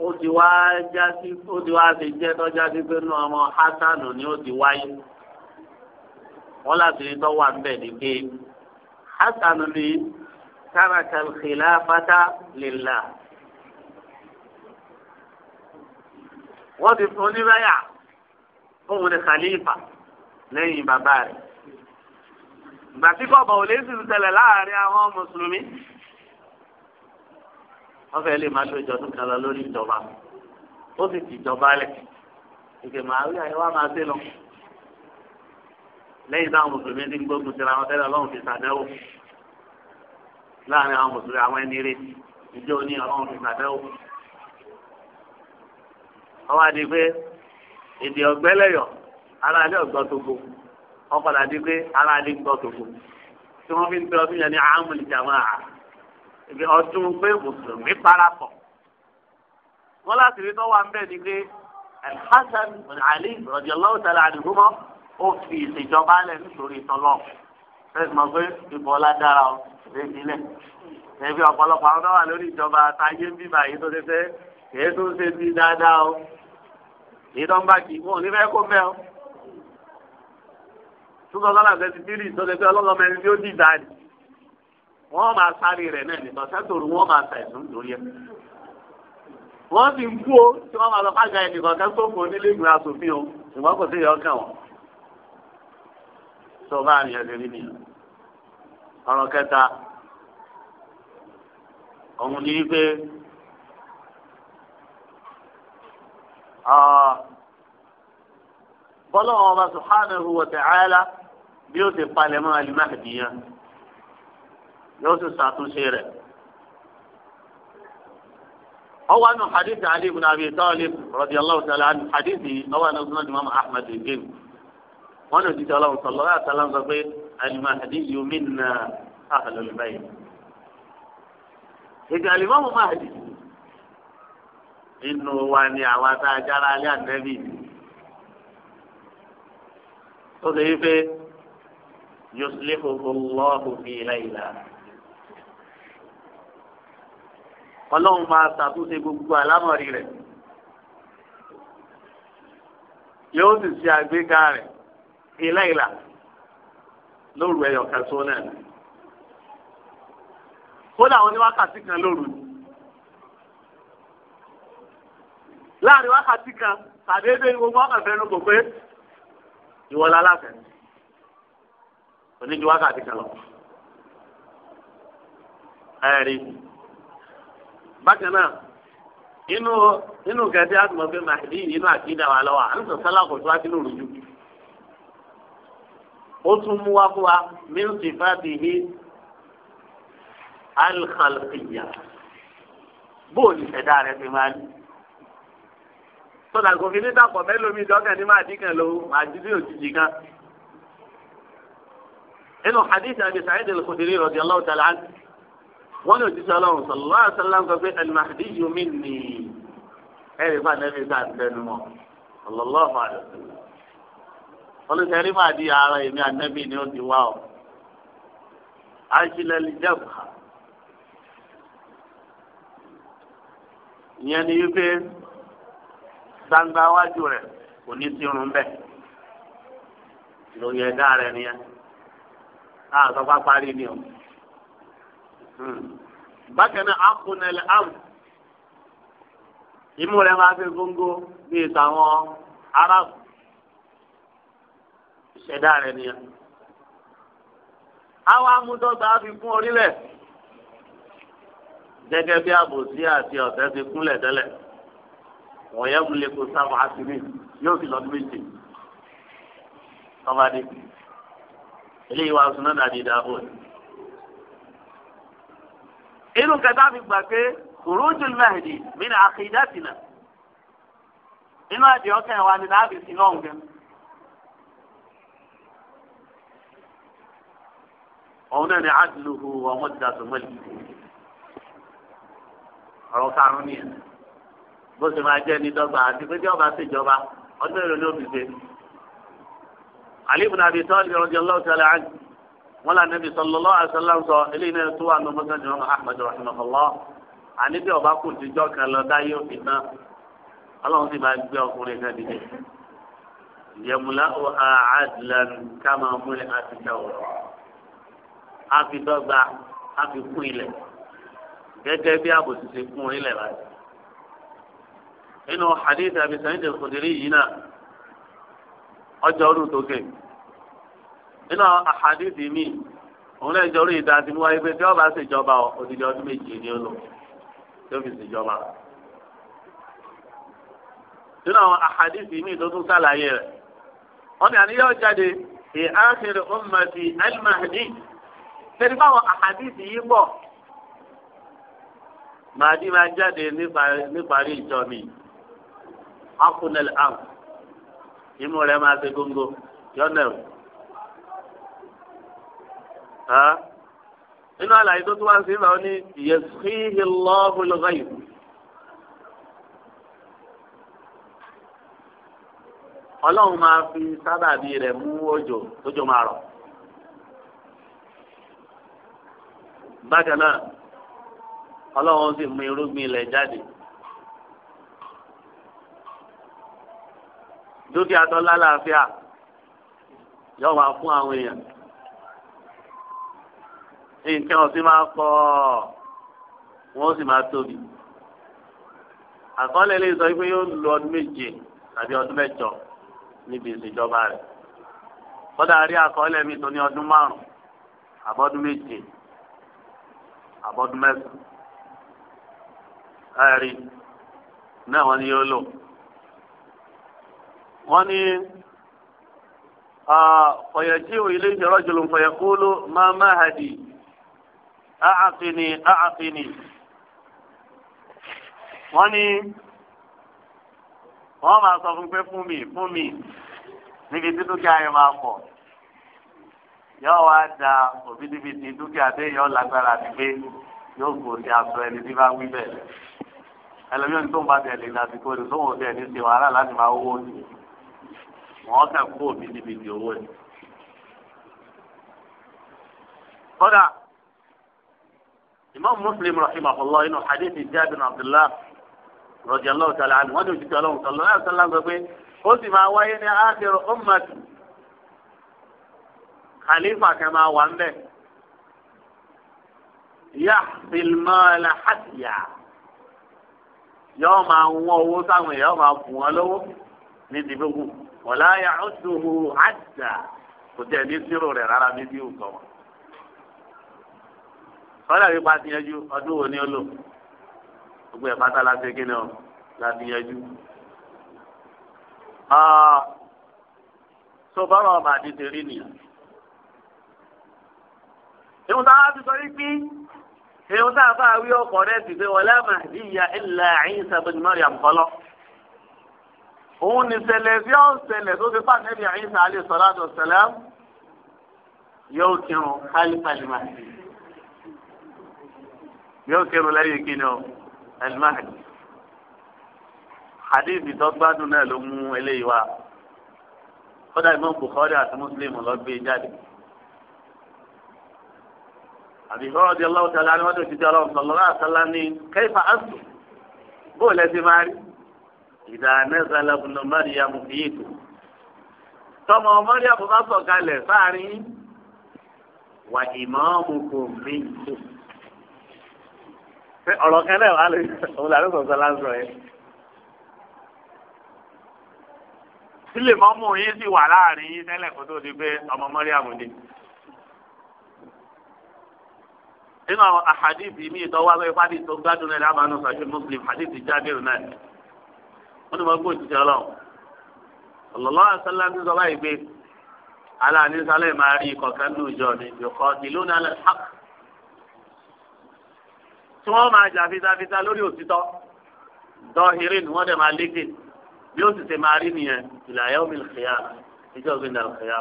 ó ti wá jásí ó ti wá fi jẹ́ tọ́já sí pé nínú ọmọ hasanu ni ó ti wáyé wọ́n láti rí tọ́wọ́ àbẹ̀ ní pé hasanu ni tarakal khilafata lillah. wọ́n ti fún oníbáyà fóun ní khalifa lẹ́yìn bàbá rẹ̀. ìgbà tí kò bọ̀ ò láàrin àwọn mùsùlùmí wọ́n fẹ́ lè má tó ìjọ tún kan lọ lórí ìjọba ó sì ti ìjọba lẹ̀ ìgbè máa rí àyẹ̀wò àmà sí lọ. lẹ́yìn táwọn mùsùlùmí ti ń gbógun síra wọn tẹ́lẹ̀ ọlọ́run ti sàdẹ́wò láàrin àwọn mùsùlùmí àwọn ẹni rè ìjọ ní ọlọ́run ti sàdẹ́wò. ọwọ́ àdí pé èdè ọ̀gbẹ́lẹ̀yọ̀ ara alẹ́ ọ̀gbọ́ tógbó ọkọ̀ àdí pé ara alẹ́ gbọ́ tógbó tí wọ́n fi ń pẹ́ ọ ọdún pé mùsùlùmí parapọ̀ wọn láti rí tọ́wọ́ àmbẹ́ ni pé alhassan ali radiyallahu ta'ala anhuma ó fi ìṣèjọba alẹ́ nítorí tọ́lọ́ fẹ́ẹ́ mọ̀ pé ìbọn ọlá dára ọ ṣe ìdílé ẹbí ọ̀pọ̀lọpọ̀ àwọn náà wà lórí ìjọba táyé ń bíbà yìí tó ṣe fẹ́ èyí tó ń ṣe ti dáadáa o èyí tó ń bá kì í wọn ò kó mẹ́ o túnbọ̀ lọ́la ṣe ti dírì tó ṣe fẹ́ ọlọ́lọ́mọ wọ́n máa sáré rẹ̀ náà nìkan sẹ́tòrò wọ́n máa sà ẹ̀sùn lórí ẹ̀. wọ́n ti ń kú o tí wọ́n máa lọ fága ẹnìkan kan tó fò nílé ìgbìmọ̀ asòfin o ṣùgbọ́n kò sí ìyọ́ kàn wọ́n. tó bá rìn ẹsẹ̀ rí mi ọ̀rọ̀ kẹta òun ni pé bọ́lá wọn bá subhanahu wa ta'ala bí ó ti palẹ̀mọ́ alimahdiyan yóò sì ṣàtúnṣe rẹ̀. ọwọ́ àánú hadith ali ibn abi talib radiyallahu ta'ala anhu hadith yìí ọwọ́ àánú sunan imam ahmed ibn wọn lè dìde ọlọ́run sọlọ ọlọ́run sọlọ sọ pé al-mahdi minna ahlul bayt. ìgbà al-imam mahdi nínú wa ni àwa tá a jára alẹ́ ànẹ́bí tó ṣe yí pé yuslihu Allahu fi layla. ọlọ́run máa ṣàtúnṣe gbogbo àlámọ̀rí rẹ̀ yóò sì ṣe àgbéga rẹ̀ ìlàìlà lóru ẹyọ kẹsọ náà kódà wọn ní wákàtí kan lóru láàrin wákàtí kan tàbí ebe ni gbogbo ọkàfẹ́ ló kò pé ìwọlá aláfẹ́ oníjú wákàtí kan lọ ẹ̀rí bákan náà inú inú kẹtẹ àtúmọ̀ pé màdí inú àkídà wà lọ́wọ́ àǹtọ̀ sálà kò tó wá sínú rújú. ó tún mú wá fún wa min sifatihi al-khalqiyya bóòlù ẹ̀dá rẹ̀ fi máa ní. sọ̀dà kò fi ní dàpọ̀ bẹ́ẹ̀ lómi ìdọ́kàn ní màdí kan lọ́wọ́ màdí ní òjijì kan. inú hadith Abi Sa'id al-Khudri radiyallahu ta'ala wọ́n ní òjíṣẹ́ ọlọ́run sallallahu alaihi wasallam sọ pé al-mahdi minni ẹ̀rí fún anabi sáà tẹnu mọ́ sallallahu alaihi wasallam olùsẹ̀rí máa di ara èmi anabi ni ó ti wá o àṣìlẹ̀lì jẹ́bùkà ìyẹn ni wípé gbangba wájú rẹ̀ kò ní sí irun bẹ́ẹ̀ lóye ẹ̀dá rẹ̀ nìyẹn náà sọ fún apárí ni o. Hmm. bákan náà akunẹlẹ am imú rẹ máa fi góńgó bíi tàwọn arab ìṣẹ̀dá rẹ nìyẹn àwọn amúdọ́gba fi kún orílẹ̀ gẹ́gẹ́ bí àbòsí àti ọ̀tẹ̀ ti kúnlẹ̀ tẹ́lẹ̀ wọ́n yẹ kó lè kó sáfà àtìmí yóò fi lọ́dún méje ọba dé eléyìí wàá suná dàdí dáàbò inú kẹta fi gbà pé kùrújùl mahdi min aqidatina inú àdìẹ ọkàn wa ni láàbì sí náà ń gẹ. òun náà ni adluhu wa muddatu mulki ọ̀rọ̀ karùn-ún nìyẹn bó ṣe máa jẹ́ ní dọ́gba àti pé tí ọba ṣèjọba ọdún èrò ló fi ṣe. Ali ibn Abi Talib radiyallahu ta'ala anhu wọn là nẹbi sallallahu alaihi wasallam sọ eléyìí náà tó wà ní mọ́sájú ọmọ ahmed rahimahullah àníbi ọba kò ti jọ kan lọ dáyé òfin náà ọlọ́run sì máa gbé ọkùnrin náà dìde yẹmúlá ó àádìlán ká máa múlẹ̀ àfikà ọ̀rọ̀ àfidọ́gba àfikún ilẹ̀ gẹ́gẹ́ bí àbòsí ti kún ilẹ̀ láti inú hadith Abi Sa'id al yìí náà ọjọ́ ọdún tó kẹ́yìn nínú àhàdìsí mi òun náà jọ orí ìta ti mú wáyé pé tí wọn bá ṣèjọba òdìdí ọdún méje ni ó lò tí ó fi ṣèjọba nínú àwọn àhàdìsí mi tó tún sàlàyé rẹ̀ wọn ní àníyàn jáde ẹ áṣírí ummati alimahdi tẹ̀lé báwọn àhàdìsí yìí pọ̀ màdí máa jáde níparí ìjọ mi akunel am imú rẹ̀ máa ṣe góńgó yọ̀nẹ̀rù nínú àlàyé tó tún wá ń sè é báwọn ní yẹsùkìhì lọ́ọ̀hùn lọ́gàyù. ọlọ́run máa fi sábàbí rẹ̀ mú òjò tójò máa rọ̀. bákan náà ọlọ́run sì mú irúgbìn ilẹ̀ jáde. dúkìá tó lálàáfíà yóò wá fún àwọn èèyàn nǹkan ọ̀sìn máa pọ̀ wọ́n sì máa tóbi. àkọọ́lẹ̀ lè sọ pé yóò lu ọdún méje tàbí ọdún mẹ́jọ níbi ìṣèjọba rẹ̀. kọ́dà rí àkọọ́lẹ̀ mi tó ní ọdún márùn-ún àbọ́dún méje àbọ́dún mẹ́sàn-án. ẹ̀rí náà wọ́n ní yóò lò. wọ́n ní ah, fọyẹ̀jí ilé ìjọ́rọ̀ jùlọ fọyẹ̀kúlù máa máa hàdì àáfínì àáfínì wọ́n ní wọ́n máa sọ fún pé fún mi fún mi níbi tí dúkìá yẹn máa pọ̀ yóò wá da òbítíbitì dúkìá téèyàn lágbára ti gbé yóò gbò sí aṣọ ẹni tí bá wí bẹ́ẹ̀ ẹlẹ́mìíràn tó ń bá tẹ̀lé lásìkò rẹ̀ tó ń wò sí ẹni láti máa wó ni wọ́n kà kó òbítíbitì owó ni. kódà imam muslim rahimahullah inú hadithi jaabir abdullah radiyallahu ta'ala anhu wọn ni òjijì ọlọ́run sallallahu alaihi wasallam sọ pé ó sì máa wáyé ní akhir ummati khalifa kan máa wà ń bẹ yahsil mala hasiya yọọ máa ń wọ owó sáwọn èèyàn máa bù wọn lówó ní dìbò wala ya'udduhu adda kò tẹ̀ ní sírò rẹ̀ rárá bí bí wọn kọ́lá yìí pa tiyanju ọdún wo ni ó lò gbogbo ẹ̀ pátá la ṣe kí ni ọ la tiyanju. Ah, so bọ́rọ̀ ọba àti tèrí nìyẹn. ìwọ̀n táwa ti sọ wípé ìwọ̀n táwa fà wí ọkọ̀ rẹ̀ ti pé wala mahdiya illa Isa ibn Maryam kọ́lọ́. òun ni ṣẹlẹ̀ bí ó ṣẹlẹ̀ tó fi fàánẹ́bí Isa alayhi salatu wassalam yóò kírun khalifa al-Mahdi yóò kírun lẹ́yìn kíni o alimahdi hadithi tó gbádùn náà ló mú eléyìí wá kódà Imam Bukhari àti Muslim ló gbé e jáde àbí ìfọwọ́ di ọlọ́wọ́ tẹ̀lé àwọn ọmọdé òṣìṣẹ́ ọlọ́wọ́ sọlọ́lá àtàlá ní kayfa àṣù bóò lẹ́sìn máa rí idha nazala ibnu Maryam fìyìtù tọmọ Maryam bá sọ̀kalẹ̀ sáàrin wà ìmọ̀ ọmọkùnrin tó pé ọ̀rọ̀ kan náà wà lórí òun làdó sọ̀sọ̀ lásán yẹn. sílè mọ́mú yín sì wà láàrin yín tẹ́lẹ̀ kó tó di pé ọmọ mọ́rí àmúdé. nínú àwọn àhàdìsì mi ìtọ́ wá pé fádì tó gbádùn náà lábàánú sàṣẹ muslim àdìsì jáde rù náà wọ́n ní wọ́n gbó òjijì ọlọ́run ọ̀lọ́lọ́ àṣálá ń sọ báyìí pé aláàánú sálẹ̀ máa rí ìkọ̀kan ní ìjọ ni ìkọ́ ìlú náà lẹ́ tí wọ́n máa jà fitafita lórí òtítọ́ dọ́hìrì ni wọ́n dẹ̀ máa lékè bí ó sì ṣe máa rí nìyẹn ìlàyé omi ìkìyà ìjọ gbẹ̀dẹ̀ ìkìyà.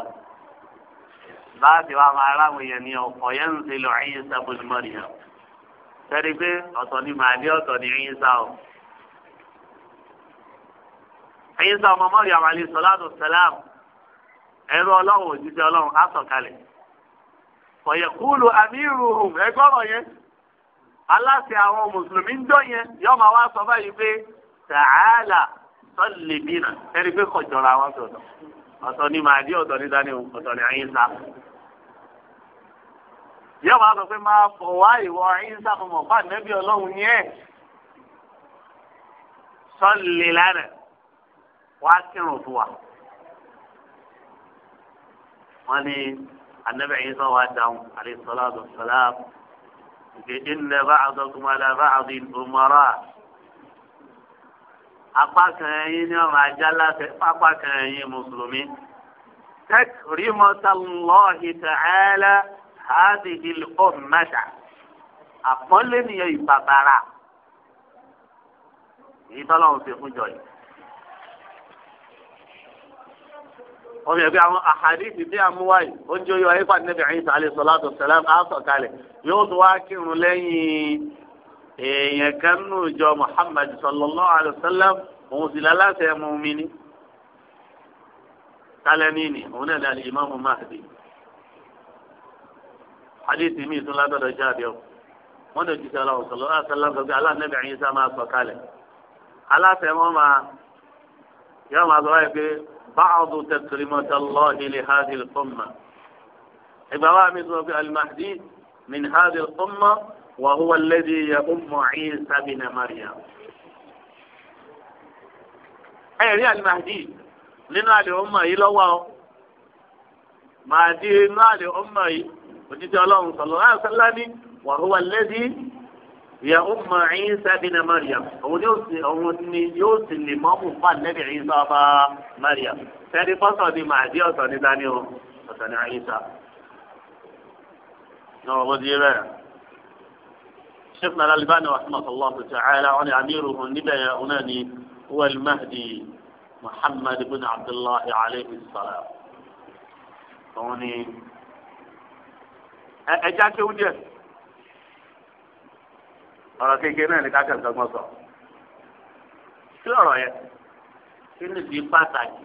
báàsì wa máa ráwọn èèyàn ní ọkọ̀ yẹn ń ṣe lọ ẹyin sábòlì mọ́nìyàn. sẹ́ni pé ọ̀tọ̀ ni màálí ọ̀tọ̀ ni ẹyin sá o. ẹyin sá ọmọ mọ́rìyà wà lè sọ látò ẹ̀rọ ọlọ́run òjíṣẹ́ ọlọ́run á sọ̀kalẹ̀. ọ̀yẹ̀kúlù àmì ìrù aláṣẹ àwọn mùsùlùmí ń jọ yẹn yọ máa wá sọ báyìí pé tààlà sọ́ọ̀lì mìíràn ẹni pé kò jọra wọn sọ̀tọ̀ ọ̀tọ̀ ni màdí ọ̀tọ̀ ni dání ọ̀tọ̀ ni àyínsá. yọ máa sọ pé máa fọ̀ wá ìwọ àyínsá fún mọ̀ fáà nẹ́bí ọlọ́run ni ẹ̀ sọ́ọ̀lì wá kírun fún wa. wọ́n ní anabi àyínsá wa dáhùn àlè sọ́lá sọ́lá إن بعضكم على بعض أمراء apá kan yín ní ọmọ ajá láti pápá kan yín mùsùlùmí. takrimatallahi ta'ala hadhihi al-ummata àpọ́nlé nìyẹn ìbàbàrà èyí tọ́lọ́run fún jọ yìí. wọ́n fi ẹ̀gbẹ́ àwọn àhàdìsì bí àmúwáyì ó ń jóyọ ayé pàdé nàbẹ̀ ẹ̀yìn sàlẹ̀ sọ̀láàtò sàlám àásọ̀kalẹ̀ yóò tún wá kírun lẹ́yìn èèyàn kan nù jọ Muhammad sallallahu alayhi wa sallam òun sì lálàsẹ̀ mùmíní kálẹ̀ níní òun náà dàlí ìmáàmù Mahdi àdìsì mi ìtúnlá dọ̀dọ̀ jáde ọ̀ wọ́n dọ̀ jíṣẹ́ aláwọ̀ sọ̀lọ́ àṣàlám gbogbo aláǹdẹ̀bẹ̀ ẹ̀yìn sá máa sọ̀kalẹ̀ aláṣẹ wọn máa yọ máa sọ wáyé pé بعض تكرمة الله لهذه الأمة إبراهيم في المهدي من هذه الأمة وهو الذي يؤم عيسى بن مريم ẹ̀rí àlùmáàdì nínú àlè ọmọ yìí lọ́wọ́ ọ màdì nínú àlè ọmọ yìí òjijì ọlọ́run sọ̀rọ̀ láàṣẹ lánìí wàhùwà lẹ́dí يا أم عيسى بن مريم هو يوصي هو يوصي اللي ما هو النبي عيسى با مريم ثاني فصل دي مع ثاني أصلا دانيو أصلا عيسى نو وزيرا شفنا الألبان رحمة الله تعالى عن أميره النبي أناني هو المهدي محمد بن عبد الله عليه الصلاة هوني أجاك وجه ọ̀rọ̀ kékeré náà ní kákẹ́ ìdọ́gbọ́n sọ. sí ọ̀rọ̀ yẹn kí ni ti pàtàkì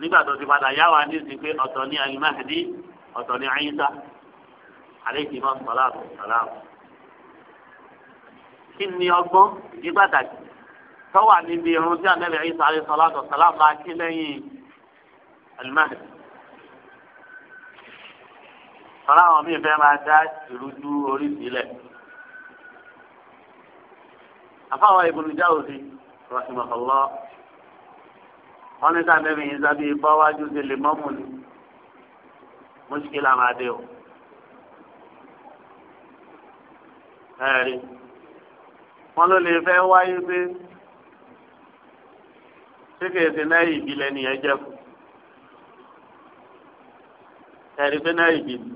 nígbà tó ti padà yá wa ní ìsìn pé ọ̀tọ̀ ní alimahdi ọ̀tọ̀ ní ayíṣá àlékì mọ́ sọ̀láàbù sọ̀láàbù. kí ni ọgbọ́n ní pàtàkì tọ́wà níbi irun tí ànábì ayíṣá alẹ́ sọ̀láàbù sọ̀láàbù bá lẹ́yìn alimahdi. sọ̀láàbù mi fẹ́ máa dá ìrújú orí sílẹ̀ àfáwọn Ibn Jawzi rahimahullah wọn ní sáà bẹ́ẹ̀ mi yín sábẹ́ bá wájú sí lè mọ́mù ni mọ́ṣíkìlà máa dé o. ẹ̀rí wọn ló lè fẹ́ wáyé pé ṣé kìí ṣe náà ìbílẹ̀ nìyẹn jẹ́ fún ẹ̀rí náà ìbílẹ̀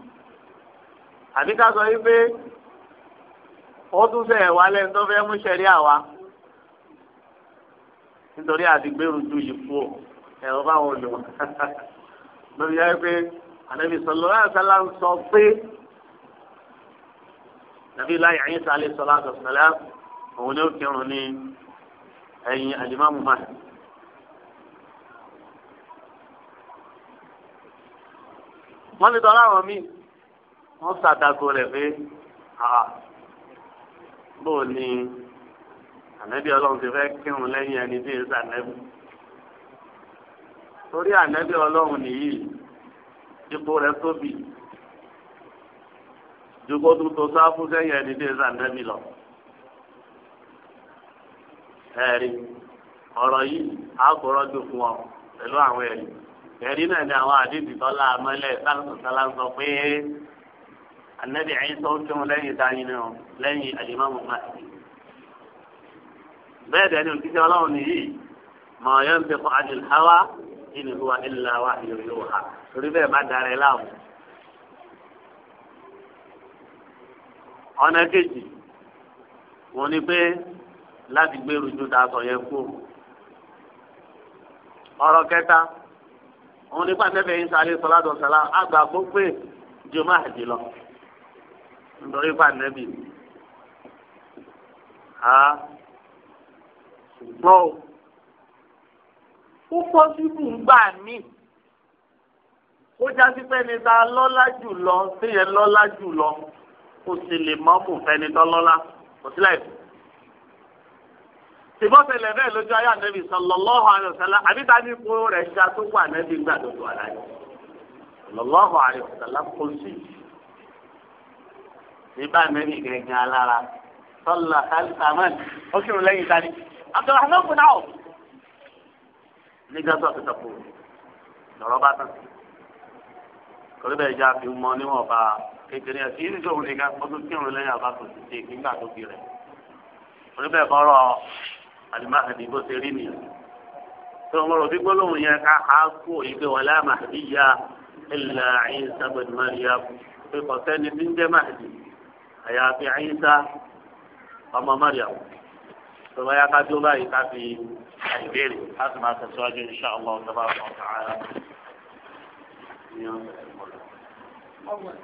àbí ká sọ pé ó tún fẹ́ wá lẹ́nu tó fẹ́ mú sẹ́rí àwa nítorí àdìgbèrú ju yìí fún ọ ẹ̀rọ báwọn lò lórí yá pé ànábì sallallahu alaihi wasallam ń sọ pé nàbí láyé àyín sálẹ̀ sọlá àtọ̀sọ̀lá òun ni ó kírun ní ẹ̀yìn àlìmáàmù máa. wọ́n ní tọ́lá àwọn míì wọ́n ṣàtàkùn rẹ̀ pé àà. bó ni ní ọlọ́run ti fẹ́ kírun lẹ́yìn ẹni tí èsì torí ọlọ́run nìyí ipò tóbi tó lọ. ẹ̀rí ọ̀rọ̀ yìí á kó rọ́jò fún ọ pẹ̀lú àwọn ẹ̀rí ẹ̀rí náà ni àwọn àdìsí tọ́lá amẹ́lẹ̀ anabi ẹyin tó ń tún lẹ́yìn dání náà lẹ́yìn alimami mahdi bẹ́ẹ̀ dẹni òkìtẹ Ọlọ́run nìyí mọ ọyọ ń tẹkọ adìl hawa ìní huwa ilà wa yòyò ha torí bẹ́ẹ̀ má darẹ láàmú. ọ̀nà kejì wọ́n ní pé láti gbèrú ju tààtọ yẹn kú ọ̀rọ̀ kẹta wọ́n ní pàtẹ́fẹ̀ẹ́ yín sálẹ̀ sọlá dọ̀sálà àgbà gbọ́ pé jùmọ̀ àjì lọ nítorí pàǹdẹ́bì ha ṣùgbọ́n ó pọ́sibú gbà mí ó jásí pé ní ta lọ́lá jùlọ téèyàn lọ́lá jùlọ kò sì lè mọ́ kò fẹ́ni tọ́lọ́lá kò sílẹ̀ ṣùgbọ́n tẹ̀lẹ̀ bẹ́ẹ̀ lójú ayé ànẹ́bí sallallahu alaihi wasallam àbí ta ní ipò rẹ̀ ṣá tó kó ànẹ́bí gbà lójú ara yìí sallallahu kò sí sí bá nẹ́bí gẹ̀gẹ̀ alára sọ́lá kálífàmán ó kírun lẹ́yìn tani abdulrahman bùnà ọ̀ nígbà tó a ti sọ̀kò lọ́rọ́ bá tán kọ́lébẹ̀ ìjà fi mọ níwọ̀nba kékeré ẹ̀sìn yìí nítorí nìkan ó tún kírun lẹ́yìn àbákò sí ti nígbà tó fi rẹ̀ kọ́lébẹ̀ bọ́rọ̀ alimahadi bó ṣe rí nìyẹn tó ń rọ̀ bí gbólóhùn yẹn ká á kó ìgbé wàlá màdíyà ilà ìsàbẹ̀dùmáríyà pé kọ̀sẹ́ni tí ń jẹ́ màdíyà. àyàfi àyíṣà ọmọ mariam tó bá yá ká tó báyìí ká fi àìbéèrè ká sì máa tẹ̀síwájú insha Allah ọ̀sọ́bà ọ̀sọ́ ara ní ọ̀sẹ̀ ìmọ̀lẹ̀. أول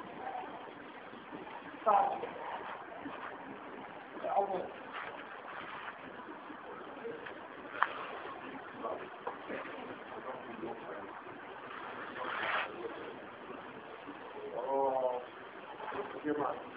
Thank you.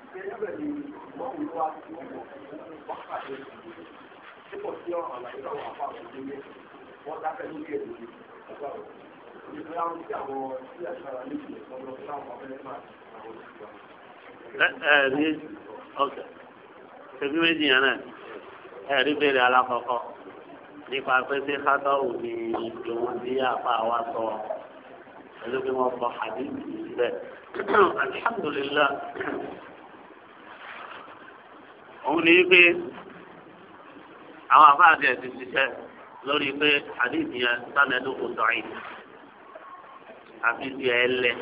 ẹ̀ẹ́dì ọ̀kẹ́ ṣẹ́bí méjì yẹn náà ẹ̀ẹ́dì béèrè alákọ̀ọ́kọ́ nípa pé ṣé kátọ́wù ni ní apá wa sọ ẹ̀ẹ́dì pé wọ́n sọ àdéhùn sílẹ̀ alihamudulilayi òun ni wípé àwọn àfáàdì ẹ̀ ti ṣiṣẹ́ lórí pé àdéhùn yẹn sánẹ́dù kò sọ̀rọ̀ àfi ti ẹ̀ lẹ̀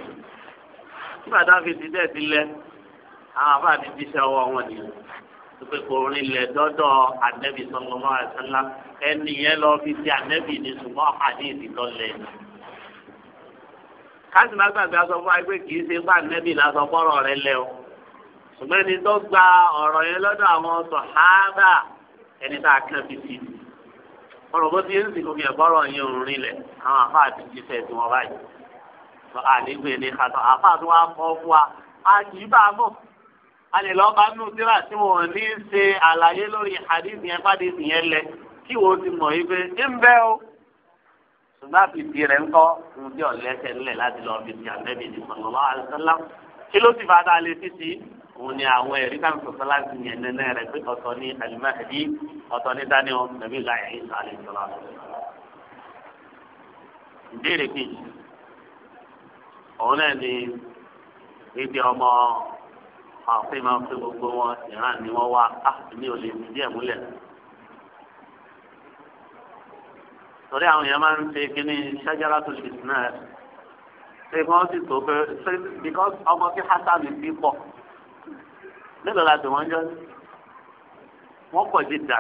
nígbà tá a fi ṣiṣẹ́ ti lẹ̀ àwọn àfáàdì ti ṣe ọwọ́ wọn nìyẹn pé kò rin lẹ̀ dọ́dọ̀ ànẹ́bì sallallahu alaihi ẹni yẹn lọ fi ti ànẹ́bì ní ṣùgbọ́n àdéhùn tó lẹ̀ ni kásìmá gbàgbé aṣọ fún wa pé kì í ṣe bá ànẹ́bì lásọ fọ́rọ̀ rẹ lẹ́ ṣùgbọ́n ẹni tó gba ọ̀rọ̀ yẹn lọ́dọ̀ àwọn sọ̀hábà ẹni tá a kàn bìbì ọ̀rọ̀ bó ti ń sìn kò fi ẹ̀gbọ́rọ̀ yẹn òun rinlẹ̀ àwọn àfa àti jíṣẹ́ tí wọ́n báyìí sọ àlégbè ní kàtọ́ àfa tí wọ́n á kọ́ fún wa a kì í bá a mọ̀ a lè lọ́ọ́ bá nù síra tí wọ́n ní í ṣe àlàyé lórí hadith yẹn fàdé yẹn lẹ kí wọ́n ti mọ̀ yí pé ń bẹ́ o ṣùgbọ́n àbìbí òun ni àwọn ẹ̀rí kan sọ̀tọ̀ láti yẹn nẹ́nẹ́ rẹ̀ pé ọ̀tọ̀ ní alimahadi ọ̀tọ̀ ní daniel nàbí láyé ìsàlẹ̀ ìsọ̀lá. ìbéèrè kejì òun náà ni ibi ọmọ àfin máa ń fi gbogbo wọn ìran ni wọ́n wá á ah, mi ò lè fìdí ẹ̀ múlẹ̀. torí àwọn èèyàn máa ń ṣe kíní ṣájára tó lè sìn náà ṣé kí wọ́n sì tó fẹ́ because ọmọ kí hasan ti mélòó la tó wọn jọ ní wọn pọ̀ ju dà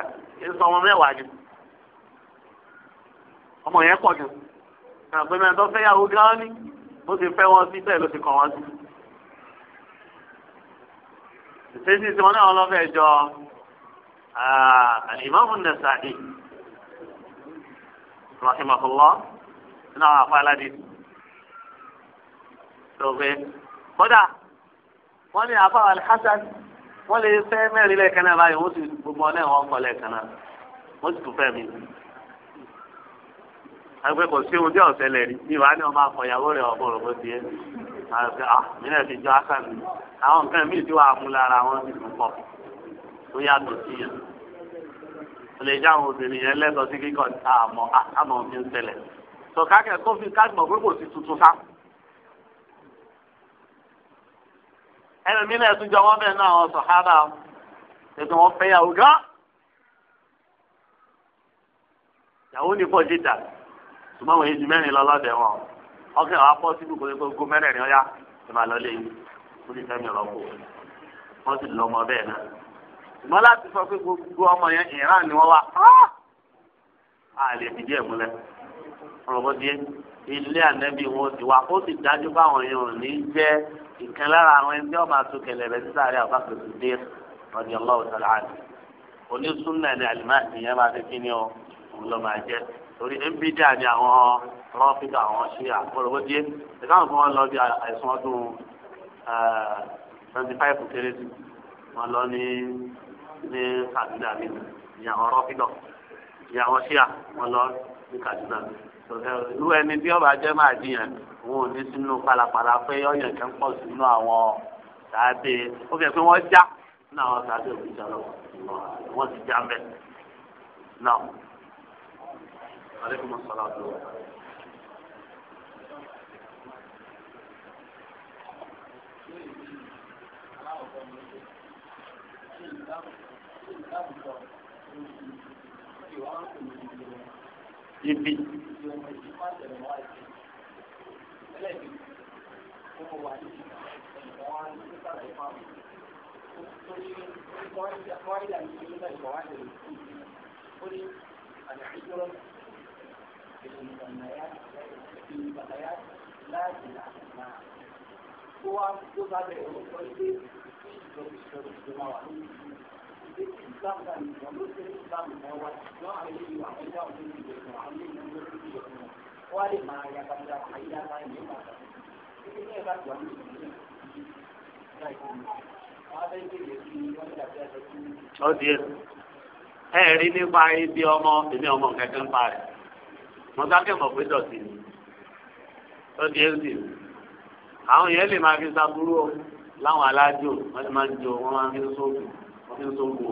sọ wọn mẹ́wàá ju ọmọ yẹn pọ̀ ju àpè mẹ́rin tó fẹ́ yàwó gan ni bó ti fẹ́ wọn sí ló ti kàn wọn sí. ìṣesí tí wọn náà lọ fẹ́ jọ Al-Imam An-Nasa'i rahimahullah nínú àwọn aládé tó fẹ́ kódà wọn ní afọ Al-Hasan wọ́n lè fẹ́ mẹ́rin lẹ́ẹ̀kan náà báyìí wọ́n sì gbogbo ọ náà wọ́n kọ́ lẹ́ẹ̀kan náà wọ́n sì tún fẹ́ mi. àgbẹ̀ kò sí ohun tí ọ̀sẹ̀ lẹ̀ rí bí wàá ní ọmọ akọ̀yàwó rẹ̀ ọ̀bọ̀ rògbò tiẹ̀ àti à mílẹ̀ ti jọ ásà mi àwọn nǹkan míì tí wàá mú lára wọn sì tún pọ̀ tó yàtọ̀ sí yẹn. o lè já àwọn obìnrin yẹn lẹ́tọ̀ọ́ sí kíkọ́ àmọ́ àmọ́ ẹlòmí náà tún jọ wọn bẹ́ẹ̀ náà àwọn sọ̀hábà ètò wọn fẹ́ yàwó gán. yàwó ní pọ̀ jìjà ṣùgbọ́n wọ́n yé ju mẹ́rin lọ lọ́dẹ̀ wọn ọkẹ́ wa pọ̀ síbi kò ní kó gó mẹ́rẹ̀ẹ̀rin ọ̀yá ẹ̀ máa lọ lé yìí ó ní fẹ́mi ọ̀rọ̀kọ̀ wọ́n sì lọ ọmọ bẹ́ẹ̀ náà. ṣùgbọ́n láti sọ pé gbogbo ọmọ yẹn ìran ni wọ́n wá. Ah! a lè ẹ̀ múlẹ̀ ọ̀rọ̀ bọ́ díẹ̀ ilé ànẹ́bí wọn ti wá ó sì dájú báwọn yẹn ò ní jẹ́ ìkan lára àwọn ẹni tí wọ́n máa tún kẹlẹ̀ rẹ̀ sísáré àbáfẹ́ tó dé ọ̀dì ọlọ́wọ́ sọ̀rọ̀ àná onísúnà ni àlùmáàtì yẹn máa fi kíni ọ lọ máa jẹ torí ẹnbídà ni àwọn rọ́fíkà àwọn ṣe àkọlọ́wọ́dé ẹ̀ka àwọn kan lọ bí àìsàn ọdún twenty eh, five kérésì wọn lọ ní ní kàdúrà mi ní àwọn rọ́fíkà ṣíà wọn lọ ní kàdúrà mi irú ẹni bí ọba jẹ́ máa jiyàn wọn ò ní sínú palapala pé ọyàn kan pọ̀ sínú àwọn tàbí ó fi pé wọ́n já nínú àwọn tàbí òkúta lọ wọ́n ti já mbẹ́ náà. aleykum salaam wa ibi الحجرة في المثنيات في البقيات لا تلعب هو قصة الأمور في الشروط المواعيد ó di ẹ rí nípa ibi ọmọ èmi ọmọ kẹ̀kẹ́ ń pa rẹ̀ mo sáké mọ̀ pé dọ̀tí ni ó di ẹ sì àwọn yẹn lè máa fi sa burú o láwọn alájò wọ́n ti máa ń jo máa fi sóògùn wọ́n ti ń tó gbò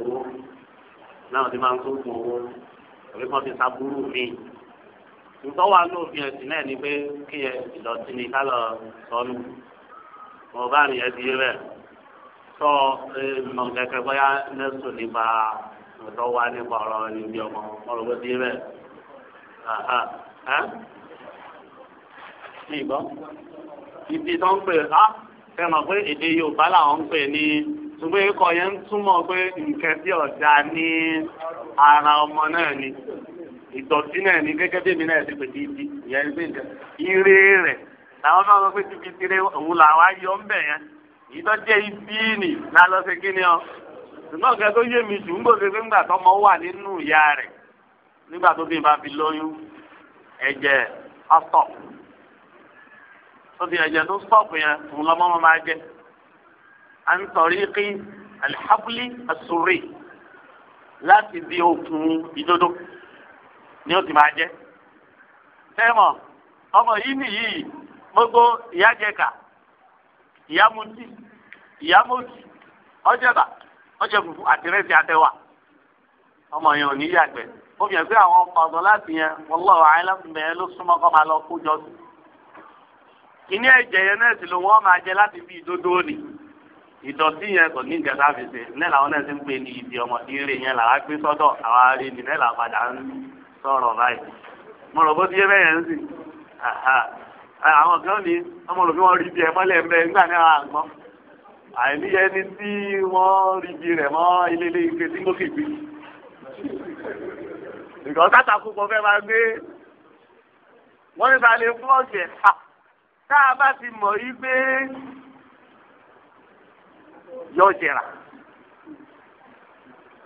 náà ti máa ń tó gbò owó òbí ti sàbúrú mi nǹkan wà lóòfin ẹ̀sìn náà ni pé kí ẹ ìdọ̀tí ni ká lọ sọnù mo bá rìn ẹ́ ti bẹ́ẹ̀ sọ mọ̀gẹ́kẹ́ bóyá nẹ́sùn nípa ọ̀tọ̀ wa nípa ọ̀rọ̀ níbi ọmọ ọ̀rọ̀ bó ti bẹ́ẹ̀ ibi tó ń pè á fẹ́ràn pé èdè Yorùbá làwọn ń pè ní ṣùgbọ́n ikọ̀ yẹn ń túmọ̀ pé nǹkan tí ọ̀dà ní ara ọmọ náà ni ìdọ̀tí náà ni gẹ́gẹ́ bí èmi náà ti pèsè ibi ìyẹn ní pèsè ire rẹ̀ làwọn náà sọ pé tìbí tirẹ̀ òun làwọn ayọ̀ ń bẹ̀ yẹn èyí tó jẹ́ ibi nì lálọ́ ṣe kí ni ọ ṣùgbọ́n nǹkan tó yé mi jù ń gbòde pé ńgbà tọmọ wà nínú ìyá rẹ̀ nígbà tó bí n bá fi lóyún ẹ̀jẹ̀ ọ̀tọ̀ tó di ẹ̀jẹ̀ tó stọ̀pù an tariqi alhabli asuri láti di okùn ìdodo ni ó ti máa jẹ sẹ́mọ̀ ọmọ yìí nìyí gbogbo ìyá jẹka ìyá mutí ìyá mọ́tì ọjọba ọjọ fufu àtẹrẹsì àtẹwà ọmọ yẹn ò ní yàgbẹ́ ó fi hàn pé àwọn ọkọ ọ̀dọ́ láti yẹn wọ́n lọ́wọ́ àìlàfùmẹ̀ yẹn ló súnmọ́ kọ́ máa lọ kó jọ sí. ìní ẹ̀jẹ̀ yẹn náà sì ló wọ́n máa jẹ láti fi ìdodo òní ìdọ̀tí yẹn kò ní nǹkan tá a fi náà ti ń pè ní ibi ọmọ ìrè yẹn làwa gbé sọ́dọ̀ àwa rí ni nílẹ̀ àpàdà ń sọ̀rọ̀ báyìí mo rò bó ti yé bẹ́yẹn ń sìn àwọn kan ní ọmọ rò bí wọ́n rí bí ẹ mọ́lẹ̀ ń bẹ nígbà náà àgbọ̀n àìní ẹni tí wọ́n rí bí rẹ̀ mọ́ ilé ilé ike tí lókè gbé ìgbọ̀n sátàkù kan fẹ́ máa gbé wọ́n ní ta lè fún yóò jẹrà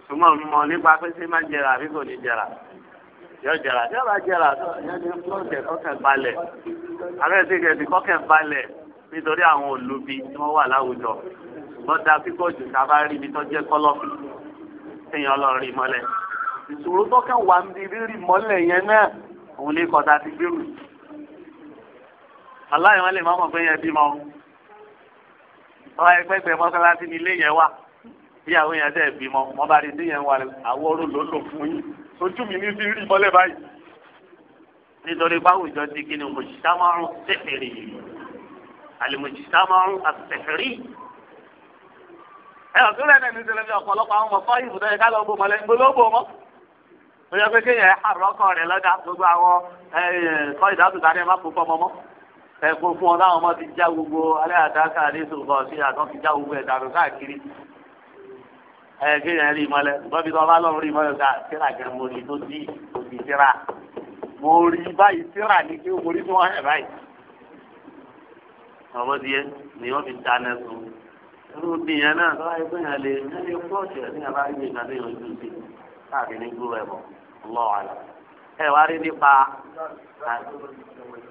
sùmọ́ mọ́ nípa pé ṣé máa jẹrà àbí kò ní jẹrà yóò jẹrà yóò bá jẹrà yóò jẹ kọ́kẹ́ balẹ̀ abẹ́rẹ́ ti nítorí àwọn olùbí tí wọ́n wà láwùjọ wọ́n da jù tá a bá rí ibi tó jẹ́ kọ́lọ́fì téèyàn lọ rí mọ́lẹ̀ ìṣòro tó kàn wà ní rírì mọ́lẹ̀ yẹn náà òun lè kọ́ta ti gbèrú aláìwọ́n lè má mọ̀ pé yẹn bímọ ọ̀rọ̀ ẹgbẹ́gbẹ́ mọ́sálásí ni ilé yẹn wà bí àwọn èèyàn tẹ̀ bímọ wọn bá rí ilé yẹn wà àwọ̀ ọ̀rọ̀ ló lò fún yín ojú mi ní ti rí mọ́lẹ̀ báyìí nítorí báwùjọ ti kí ni mùsùlùmáàrún sẹ̀fẹ̀rì àlùmùsùlùmáàrún àsẹ̀fẹ̀rì. ẹ ọ̀tún rẹ̀ náà ní tẹ̀lé bí ọ̀pọ̀lọpọ̀ àwọn ọmọ ìbùdó ẹ̀ká lọ bó mọ́lẹ̀ gbólóbó mọ́ ẹ̀kọ́ fún ọ láwọn ọmọ ti já gbogbo alẹ́ àdáká àdéhùn kan sí àtọ́ ti já gbogbo ẹ̀dá rẹ̀ káàkiri ẹ̀ẹ́dẹ́ yẹn rí mọ́lẹ̀ gbọ́bí tó bá lọ́rùn rí mọ́lẹ̀ ká tíra kẹ́ mo rí tó dí òbí tíra mo rí báyìí tíra ní kí mo rí tó wọ́n hẹ̀ báyìí. ọ̀bọ̀ díẹ̀ ni wọ́n fi dáná sun irú bìyàn náà tó wáyé bóyá lè ní pọ́ọ̀tì ẹ̀ ní àbá gbé ìgbà tó ní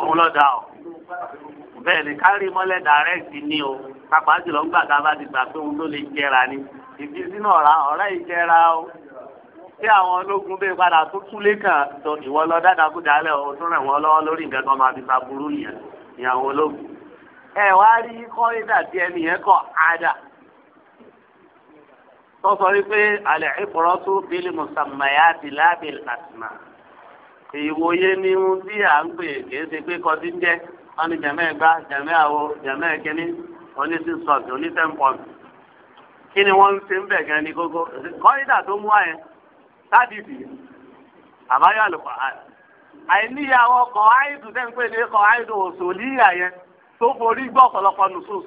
òun lọ da ọ bẹ́ẹ̀ ni kárí mọ́lẹ̀ dàrẹ́ẹ̀tì ni o pàpà jùlọ ńgbà tá a bá ti gbà pé òun ló lè jẹra ni ìdí sínú ọ̀rá ọ̀rá yìí jẹra o tí àwọn ológun bẹ́ẹ̀ padà tó kúlé kan tó ìwọ lọ dáadáa kú dálẹ̀ o tó ràn wọ́n lọ́wọ́ lórí nǹkan kan máa fi fa burú yẹn ìyàwó ológun. ẹ wá rí kọ́rídà tí ẹnì yẹn kọ̀ ádà tó sọ wípé alẹ́ ìfọ̀rọ́sù bílí mùsàmáyà ti lábẹ́ àtìmá. ìwòye ni ohun tí à ń pè kìí ṣe pé kọtí ń jẹ wọn ni jẹmẹ ẹgbá jẹmẹ àwo jẹmẹ ẹkíní onísìsọọtì onítẹǹpọọtì kí ni wọn ṣe ń bẹ gan ni kókó kọ́ńdà tó mú àyẹn sádìsì àbáyọ àlùkò àìníyàwó ọkọ ní tó forí gbọ́ ọ̀pọ̀lọpọ̀ nùsùs.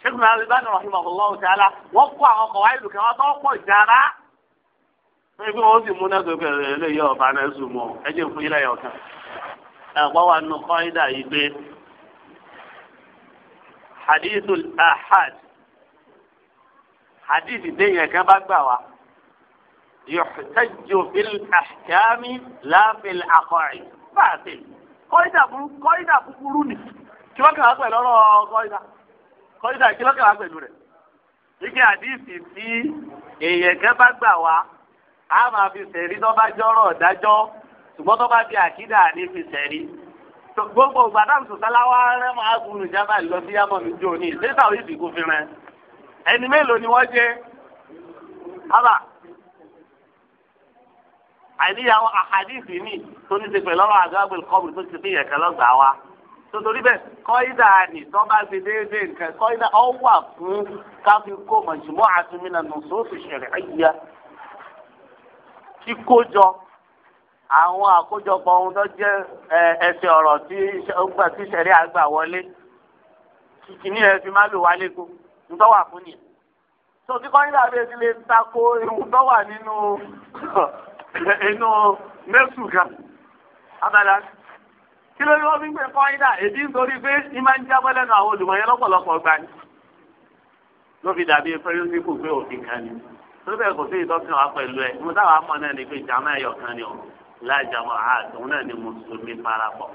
ṣé kùnà àlùbánu wọ́n kó àwọn kẹwàá tó wọ́n fi wọ́n sì mú náà gbẹ̀gbẹ̀ rẹ̀ lè yọ ọ̀bá náà sùn mọ́ ẹjẹ́ fún yín lẹ́yọ̀ kan. ẹ̀pọ̀ wa nù kọ́ńdà yìí pé hadithul ahad hadithi déyìn kan bá gbà wá yòòtẹ́jọ fil ahkami láfil akọ̀rì báàtì kọ́ńdà kọ́ńdà kúkúrú ni kí wọ́n pẹ̀lú ọ̀rọ̀ kọ́ńdà kọ́ńdà kí wọ́n pẹ̀lú rẹ̀. ike hadithi tí èèyàn kan bá gbà wá a máa fi sẹ̀rí tó bá jọ́rọ̀ dájọ́ ṣùgbọ́n tó bá fi àkídà ní fi sẹ̀rí. gbogbo gbàdán sọ̀tàlá wa rẹ́ máa gùn ní jábà lọ sí yámọ̀ mi jò ní ìṣẹ́sà òyìn ìdìgún fi rẹ. ẹni mélòó ni wọ́n jẹ́ ábà àìníyàwó àhàdìsì mi tó ní ti pẹ̀lú ọ̀rọ̀ àgbàgbé kọ́bù tó ti fi yẹ̀kẹ́ lọ́gbàá wa sotori bẹ kọyida ni tọba ti déédéé nǹkan kọyida ọwà fún káfíńkò mọ̀jùmọ́ àtúnmí na nùsọ́ọ̀sì ṣẹ̀rẹ̀ ẹ̀yà kíkójọ àwọn àkójọpọ̀ ohun tó jẹ́ ẹsẹ̀ ọ̀rọ̀ tí ọgbà tí sẹ̀rí àgbà wọlé kìkìní rẹ̀ fi máa lò wálé kó nítorí wà fún nìyẹn. tó tí kọ́ńdà bẹ́ẹ̀ ti lè tako ewu tó wà nínú inú mẹ́sù kan abala kí ló ní wọ́n fi ń pè kọ́ńdà èdè nítorí pé ní máa ń jábọ́ lẹ́nu àwọn olùmọ̀yẹ́ lọ́pọ̀lọpọ̀ gbani ló fi dàbí pẹ́rẹ́sìkù pé òfin kan ni torí bẹ́ẹ̀ kò sí ìtọ́sìn wa pẹ̀lú ẹ̀ mo táwa mọ̀ náà ni pé jama ẹ̀yọ̀ kan ni o lájàmọ́ àtòun náà ni mùsùlùmí parapọ̀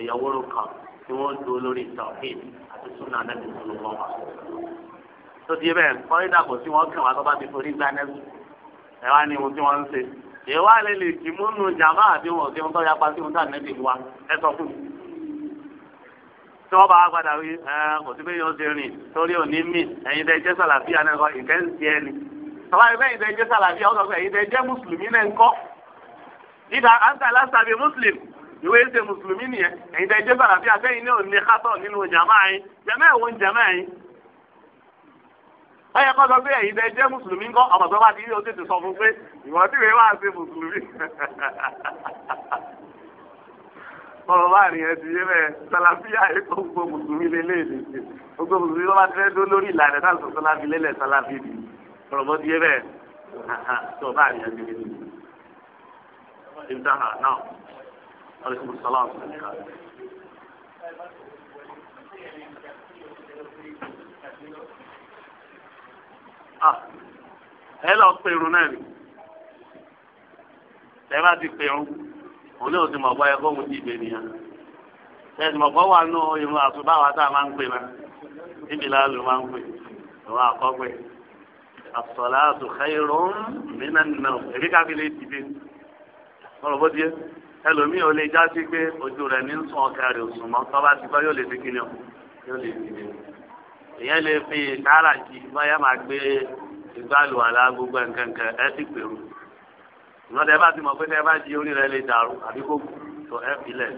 ìyàwó kan tí wọ́n dúró lórí tawhid àti sunna nẹ́bí sọlọ́mọ́ wa. tó ti bẹ́ẹ̀ kọ́rídà kò sí wọ́n kàn wá tó bá ti forí gbá nẹ́bí ẹ̀ wá ní ohun tí wọ́n ń ṣe. ìwà lè lè jì mú nu jama àti wọn tí wọ́n tọ́ yapa sí ohun tí ànẹ́bí tí wọ́n bá wá padà wí kò sí pé yóò ṣe rìn torí òní mí ẹ̀yin tẹ́ jẹ́ sàlàfíà náà tọ́lá ẹgbẹ́ yìí tẹ́ jẹ́ sàlàbí ọ̀sọ̀ pé èyí tẹ́ jẹ́ mùsùlùmí náà ń kọ́ ìdá ansa lásàbí mùsùlùm ìwé ṣe mùsùlùmí nìyẹn èyí tẹ́ jẹ́ sàlàbí àtẹ́yìn náà ní kátọ̀ nínú jàmá yín jàmá ẹ̀wọ̀n jàmá yín. ó yẹ kó sọ pé èyí tẹ́ jẹ́ mùsùlùmí ńkọ́ ọmọ tó bá ti yíyó tètè sọ fún pé ìwọ́n tí wèé wá ṣe mùsùlùmí. ọ̀rọ̀ bá rìn ẹtì yé ọ̀rọ̀ bó ti yé bẹ́ẹ̀ tó bá àyè ẹni nínú ìdáhà náà ọ̀rẹ́kùn sọlá ọ̀sán ká. ẹ lọ pèrún náà ni ẹ bá ti pèrún òun náà ti mọ̀ bọ́ ẹ kóhun ti ìbè nìyẹn ẹ ti wà nù irun àtúbáwá tá a máa ń pè náà níbi láàlú máa ń pè òun àkọ́pẹ́ as-salatu khayrun minan nawm èmi káfí lè dìde ọ̀rọ̀ bó díẹ̀ ẹlòmíì ò lè jásí pé ojú rẹ̀ ní sùn ọ̀kẹ́ rẹ̀ sùn mọ́ tọ́ bá ti gbọ́ yóò lè fi kíni ọ̀ yóò lè dìde èyàn lè fi ìtara jì báyà máa gbé ìgbàlù àlá gbogbo nǹkankan ẹ ti pèrò ìwọ́n bá ti mọ̀ pé tẹ bá jí orí rẹ̀ lè dàrú àbí kò tó ẹ fi lẹ̀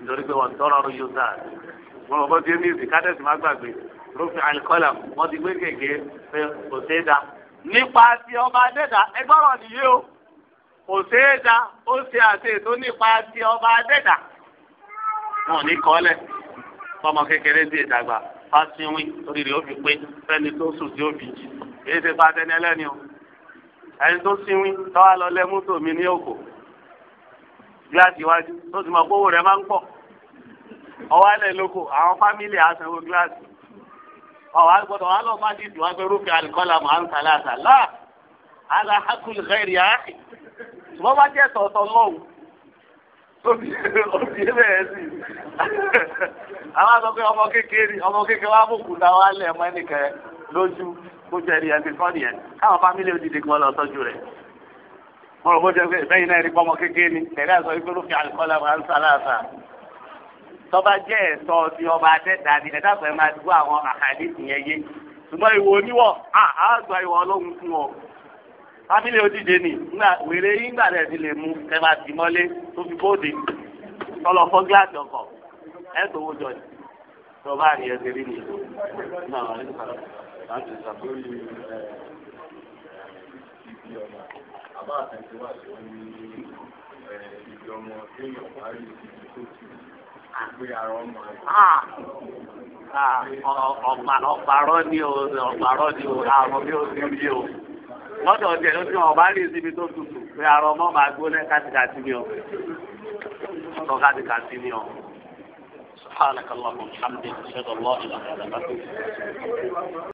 nítorí pé wọ́n tọ́rọ̀ ọ̀rọ̀ rúfin àlùkọ́là wọ́n ti gbé gègé pé kò ṣeé da nípa ti ọba adẹ́dà ẹgbọ́rọ̀ nìyí o kò ṣeé da ó ṣe àṣe ètò nípa ti ọba adẹ́dà wọn ò ní kọ́lẹ̀ fọmọ kékeré dé ìdàgbà fásitì orí rẹ̀ ó fi pé fẹ́ni tó sùn tí ó fi jì èyí ti pa tẹni ẹlẹ́ni o ẹni tó sinwi tọ́wá lọ lẹ mọ́tò mi ní òkò gíláàsì iwájú tó ti mọ̀ pé owó rẹ̀ máa ń pọ̀ ọwọ́ alẹ́ lóko àwọn fámìlì àsanwó gíláàsì ọ̀wá gbọ́dọ̀ wà lọ́ọ́ má dìdùn wá gbẹ́rú fi àlùkọ́là mọ̀ àǹkà láàtà láà àlà hakul gẹ́rì áàkì wọ́n bá jẹ́ tọ̀tọ̀ lọ́wọ́ òbí bẹ̀rẹ̀ sí i àwọn àgbà pé ọmọ kékeré ọmọ kékeré wa bùkún náà wà lẹ̀ mọ́ ẹnìkan lójú kó jẹ́ ẹ̀rí ẹ̀sìn fọ́ọ̀nì yẹn káwọn fámílì òdìdí kan lọ tọ́jú rẹ̀ mo rò bó jẹ́ pé ìbẹ́yìn náà rí pọ́mọ kékeré ni tẹ̀lé àṣọ ìgbéró fi àlùkọ́là mọ̀ àǹkà láàtà tọ́ba jẹ́ ẹ̀tọ́ ti ọba àtẹ́ta ni ẹ̀dá pẹ̀lú máa dúró àwọn àkàdé ìyẹn yé ṣùgbọ́n ìwọ oníwọ̀ àgbà ìwọ ọlọ́run fún ọ. fámílì òdìdè ni wèrè yín gbà rẹ̀ ti lè mú ẹ máa tì tó fi bóde tọ́lọ fọ́ gíláàsì ọkọ̀ ẹ̀ tó wó jọ tọ́ba àrí ẹ̀ tẹ̀lé ni. àbá àtẹ̀síwájú wọn ní ibi parí ibi tó ti Ah, ah, ọ̀pàrọ̀ ni o ọ̀pàrọ̀ ni o àrùn bí o ti rí o lọ́dọ̀ ọ̀jẹ̀ ló ti wọ́n bá rí síbi tó tutù pé àrùn ọmọ máa gbóná kátikáti ni o ọ̀tọ̀ kátikáti ni o. سبحانك اللهم وبحمدك اشهد ان لا اله الا انت